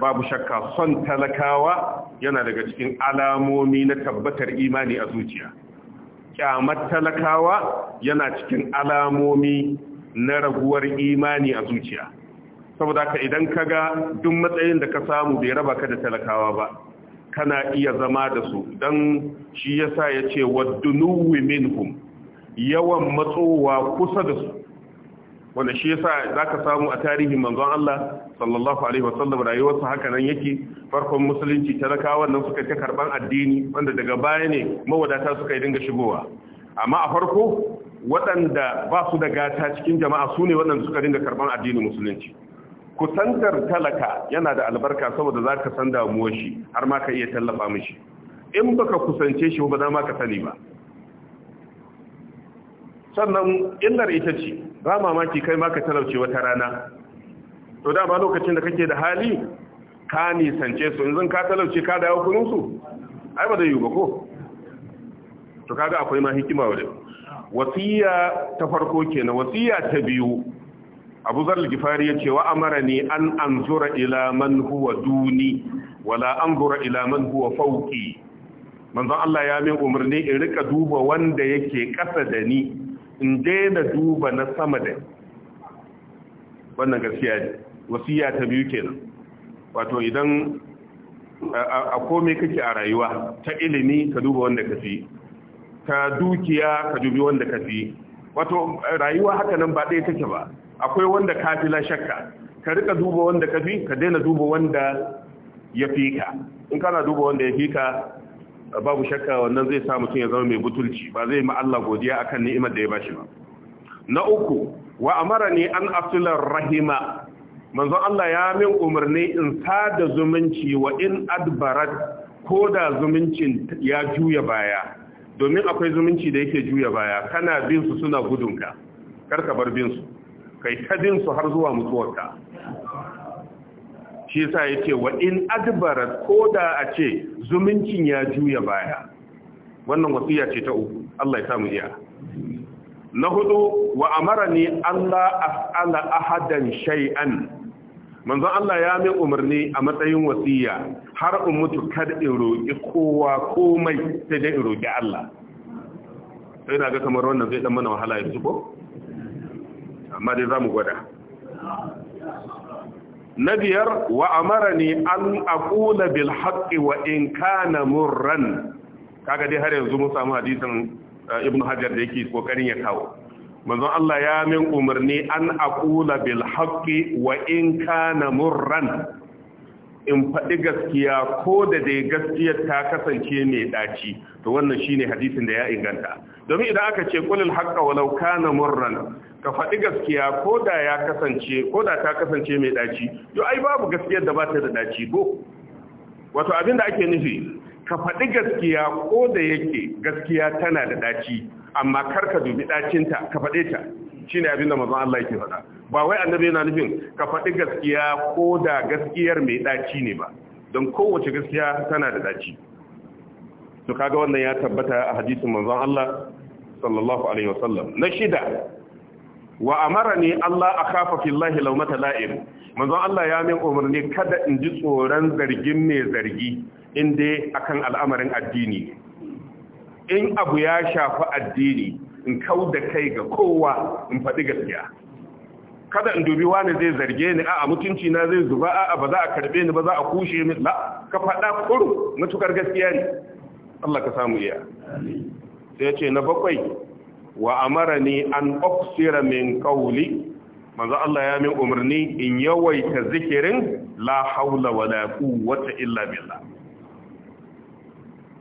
babu shakka son talakawa yana daga cikin alamomi na tabbatar imani a zuciya kyamar talakawa yana cikin alamomi na raguwar imani a zuciya saboda ka idan ka ga duk matsayin da ka samu bai raba ka da talakawa ba kana iya zama da su don shi yasa ya ce waddunuwi minhum yawan matsowa kusa da su wanda shi yasa zaka samu a tarihin manzon Allah sallallahu alaihi wasallam rayuwarsa haka nan yake farkon musulunci talakawa nan suka ta karban addini wanda daga baya ne mawadata suka yi dinga shigowa amma a farko waɗanda ba su da gata cikin jama'a su ne waɗanda suka dinga karban addinin musulunci kusantar talaka yana da albarka saboda za ka san damuwar shi har ma ka iya tallafa mishi in baka kusance shi ba za ma ka sani ba sannan illar ita ce ba mamaki kai ma ka talauce wata rana to da ba lokacin da kake da hali ka nisance su in ka talauce ka dawo kununsu ai ba zai yi ba ko to kaga akwai ma hikima wadda wasiya ta farko kenan wasiya ta biyu abu zar gifari ya ce wa amara ne an anzura ila man huwa duni wala anzura ila man huwa fauki manzon Allah ya min umarni in rika duba wanda yake kasa da ni in daina duba na sama da wannan gaskiya ne wasiya ta biyu kenan wato idan a komai kake a rayuwa ta ilimi ka duba wanda ka fi ta dukiya ka dubi wanda ka fi wato eh, rayuwa haka nan ba ɗaya take ba akwai wanda ka fi shakka ka rika duba wanda ka fi ka daina duba wanda ya fi ka in kana duba wanda ya fi ka babu shakka wannan zai sa mutum ya zama mai butulci ba zai ma Allah godiya akan ni'imar da ya bashi ba na uku wa ne an asilar rahima manzo Allah ya min umarni in sada zumunci wa in adbarat ko da zumuncin ya juya baya domin akwai zumunci da yake juya baya kana bin su suna gudunka karka bar bin su kai ta bin su har zuwa mutuwarka shi yasa ce, wa in adbara koda a ce zumuncin ya juya baya wannan wasiya ce ta uku Allah ya samu iya na hudu wa ni Allah as'ala ahadan shay'an manzo Allah ya mai umarni a matsayin wasiya har in mutu kada in roki kowa komai sai dai in roki Allah sai na ga kamar wannan zai dan mana wahala yanzu ko amma dai zamu gwada na biyar wa amarani an akula bil haqqi wa in kana murran kaga dai har yanzu mun samu hadisin eh, ibnu hajar da yake kokarin ya kawo manzon Allah ya min umarni an akula bil haqqi wa in kana murran in faɗi gaskiya ko da dai gaskiyar ta kasance mai ɗaci to wannan shine hadisin da ya inganta domin idan aka ce kulil haqqa walau kana murran ka faɗi gaskiya ko da ya kasance ko da ta kasance mai ɗaci to ai babu gaskiyar da ba ta da ɗaci ko wato abin da ake nufi ka faɗi gaskiya ko da yake gaskiya tana da ɗaci amma kar ka dubi ɗacinta ka faɗe ta shine abin da manzon Allah yake faɗa ba wai annabi yana nufin ka faɗi gaskiya ko da gaskiyar mai ɗaci ne ba don kowace gaskiya tana da ɗaci to kaga wannan ya tabbata a hadisin manzon Allah sallallahu alaihi wasallam na shida wa ni Allah akhafa fillahi mata la'im manzon Allah ya min umarni kada in ji tsoron zargin mai zargi inda akan al'amarin addini in abu ya shafi addini in kau da kai ga kowa in faɗi gaskiya kada in dubi wani zai zarge ni a'a mutunci na zai zuba a'a ba za a karbe ni ba za a kushe ni la. ka faɗa kuru matukar gaskiya ne Allah ka samu iya sai ya ce na bakwai wa amarani an uksira min kauli manzo Allah ya min umarni in yawaita zikirin la haula wala quwwata illa billah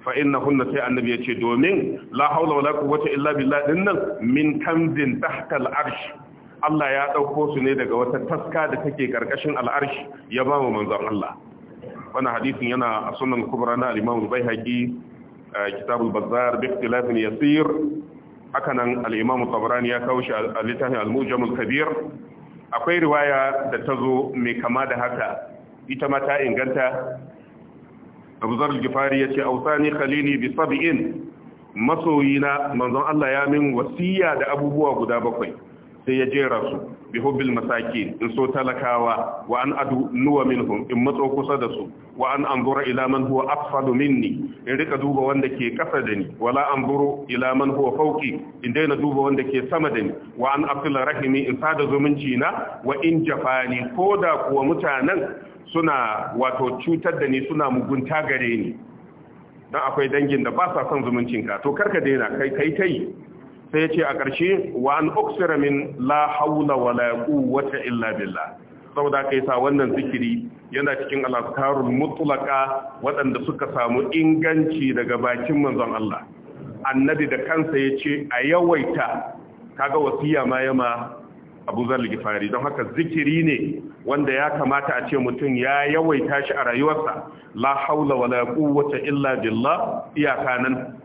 fa innahunna sai annabi ya ce domin la haula wala quwwata illa billah dinnan min kanzin tahta al-arsh Allah ya ɗauko su ne daga wata taska da take ƙarƙashin al'arshi ya ba mu Allah. Wani hadisin yana a sunan kubra na al-Imam al-Baihaqi eh, kitab al yasir haka nan al-Imam ya kawo shi a littafin al kabir akwai riwaya da ta zo mai kama da haka ita ma ta inganta Abu Zar al-Ghifari yace awsani khalili bi sab'in masoyina manzon Allah ya min wasiya da abubuwa guda bakwai sai ya jera su bi hubbil masakin in so talakawa wa an adu nuwa minhum in matso kusa da su wa an anzura ila man huwa afsadu minni in rika duba wanda ke kasa da ni wala anzuru ila man huwa fawqi in daina duba wanda ke sama da ni wa an afila rahimi in sada zumunci na wa in jafani koda kuwa mutanen suna wato cutar da ni suna mugunta gare ni dan akwai dangin da ba sa son zumuncinka to karka daina kai kai kai sai ce a ƙarshe wa an uksira min la haula wa la quwwata illa billah saboda kai sa wannan zikiri yana cikin alaskarul mutlaka waɗanda suka samu inganci daga bakin manzon Allah annabi da kansa ya ce a yawaita kaga wasiya ma yama Abu Zar Gifari don haka zikiri ne wanda ya kamata a ce mutum ya yawaita shi a rayuwarsa la haula wa la quwwata illa billah iyakanan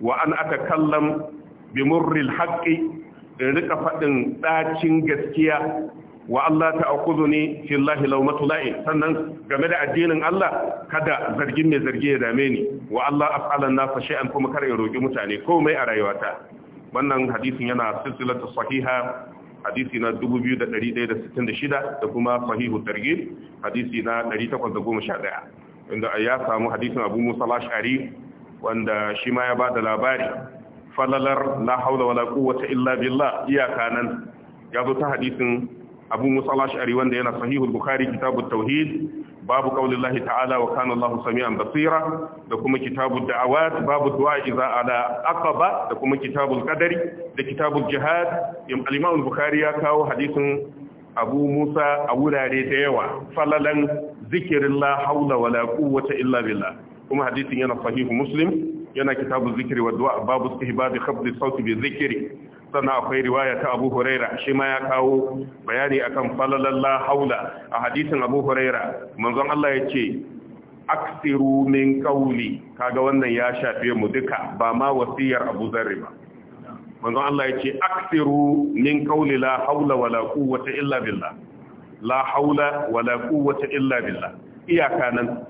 wa an kallam bi murril in rika faɗin ɗacin gaskiya wa Allah ta ne fillahi laumatu la'in sannan game da addinin Allah kada zargin mai zargi ya dame ni wa Allah af'alan fashe an kuma kar in roki mutane komai a rayuwata wannan hadisin yana silsilatu sahiha hadisi na 2166 da kuma sahihu targhib hadisi na 811 inda ya samu hadisin Abu Musa Lashari wanda shi ma ya da labari falalar la haula wala quwwata illa billah iyaka nan ya zo ta hadisin Abu Musa al-Ash'ari wanda yana sahihul Bukhari kitabut tauhid babu qaulillahi ta'ala wa kana Allahu samian basira da kuma kitabud da'awat babu du'a idza ala aqaba da kuma kitabul qadari da kitabul jihad al-Imam Bukhari ya kawo hadisin Abu Musa a wurare da yawa falalan zikirin la haula wala quwwata illa billah kuma hadisin yana sahihu Muslim yana kitabu zikiri wa du'a babu istihbabi khabdi sauti bi zikiri sannan akwai riwaya ta Abu Huraira shi ma ya kawo bayani akan falalalla haula a hadisin Abu Huraira manzon Allah ya ce aksiru min qawli kaga wannan ya shafe mu duka ba ma wasiyar Abu Zarri ba manzon Allah ya ce aksiru min qawli la haula wala quwwata illa billah la haula wala quwwata illa billah iyaka nan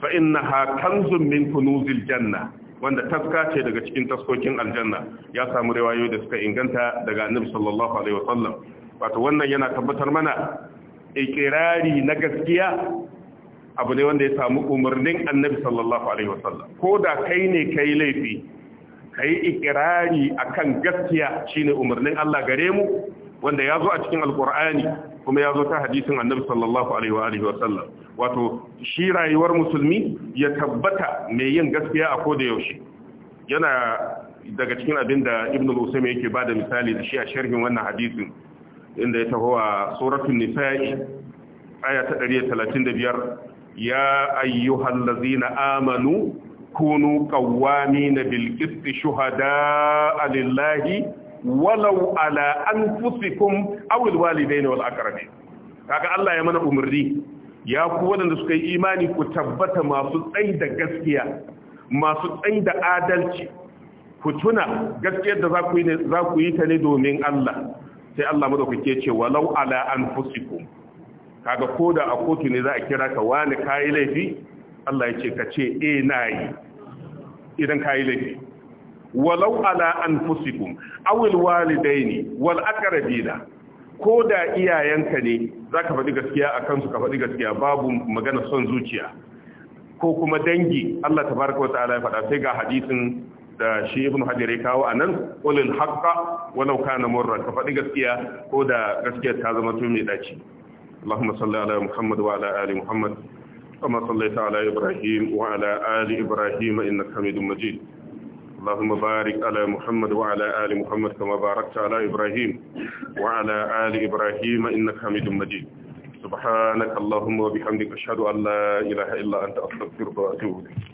fa innaha kanzun min kunuzil janna wanda taska ce daga cikin taskokin aljanna ya samu riwayoyi da suka inganta daga annabi sallallahu alaihi wasallam wato wannan yana tabbatar mana ikirari na gaskiya abu ne wanda ya samu umarnin annabi sallallahu alaihi wasallam ko da kai ne kai laifi kai ikirari akan gaskiya shine umarnin Allah gare mu wanda ya zo a cikin alkur'ani kuma ya zo ta hadisin annabi sallallahu alaihi wa alihi wasallam wato shi rayuwar musulmi ya tabbata mai yin gaskiya a koda yaushe yana daga cikin abin da ibn al-usaimi yake bada misali da shi a sharhin wannan hadisin inda ya taho a suratul nisa'i aya ta 135 ya ayyuhal ladzina amanu kunu qawwamina bil qist shuhada lillahi walau ala anfusikum aw al walidayni wal aqrabin kaga Allah ya mana umurni ya ku waɗanda suka yi imani ku tabbata masu tsayi da gaskiya masu tsayi da adalci ku tuna gaskiyar da za ku yi ta ne domin Allah sai Allah ke ce walau ala anfusikum kaga ko da a kotu ne za a kira ka wani kayi laifi Allah ya ce ka ce e na yi, idan kayi laifi walau ala anfusikum awil walidaini wal aqrabina ko da iyayenka ne za ka faɗi gaskiya a kansu ka faɗi gaskiya babu magana son zuciya ko kuma dangi Allah ta baraka wata ala ya faɗa sai ga hadisin da shi ibn hajar ya kawo a nan ƙulil haƙƙa walau kana murra ka faɗi gaskiya ko da gaskiyar ta zama to mai ɗaci اللهم صل على محمد وعلى آل محمد كما صليت على wa وعلى آل إبراهيم اللهم بارك على محمد وعلى آل محمد كما باركت على إبراهيم وعلى آل إبراهيم إنك حميد مجيد سبحانك اللهم وبحمدك أشهد أن لا إله إلا أنت أستغفرك وأتوب إليك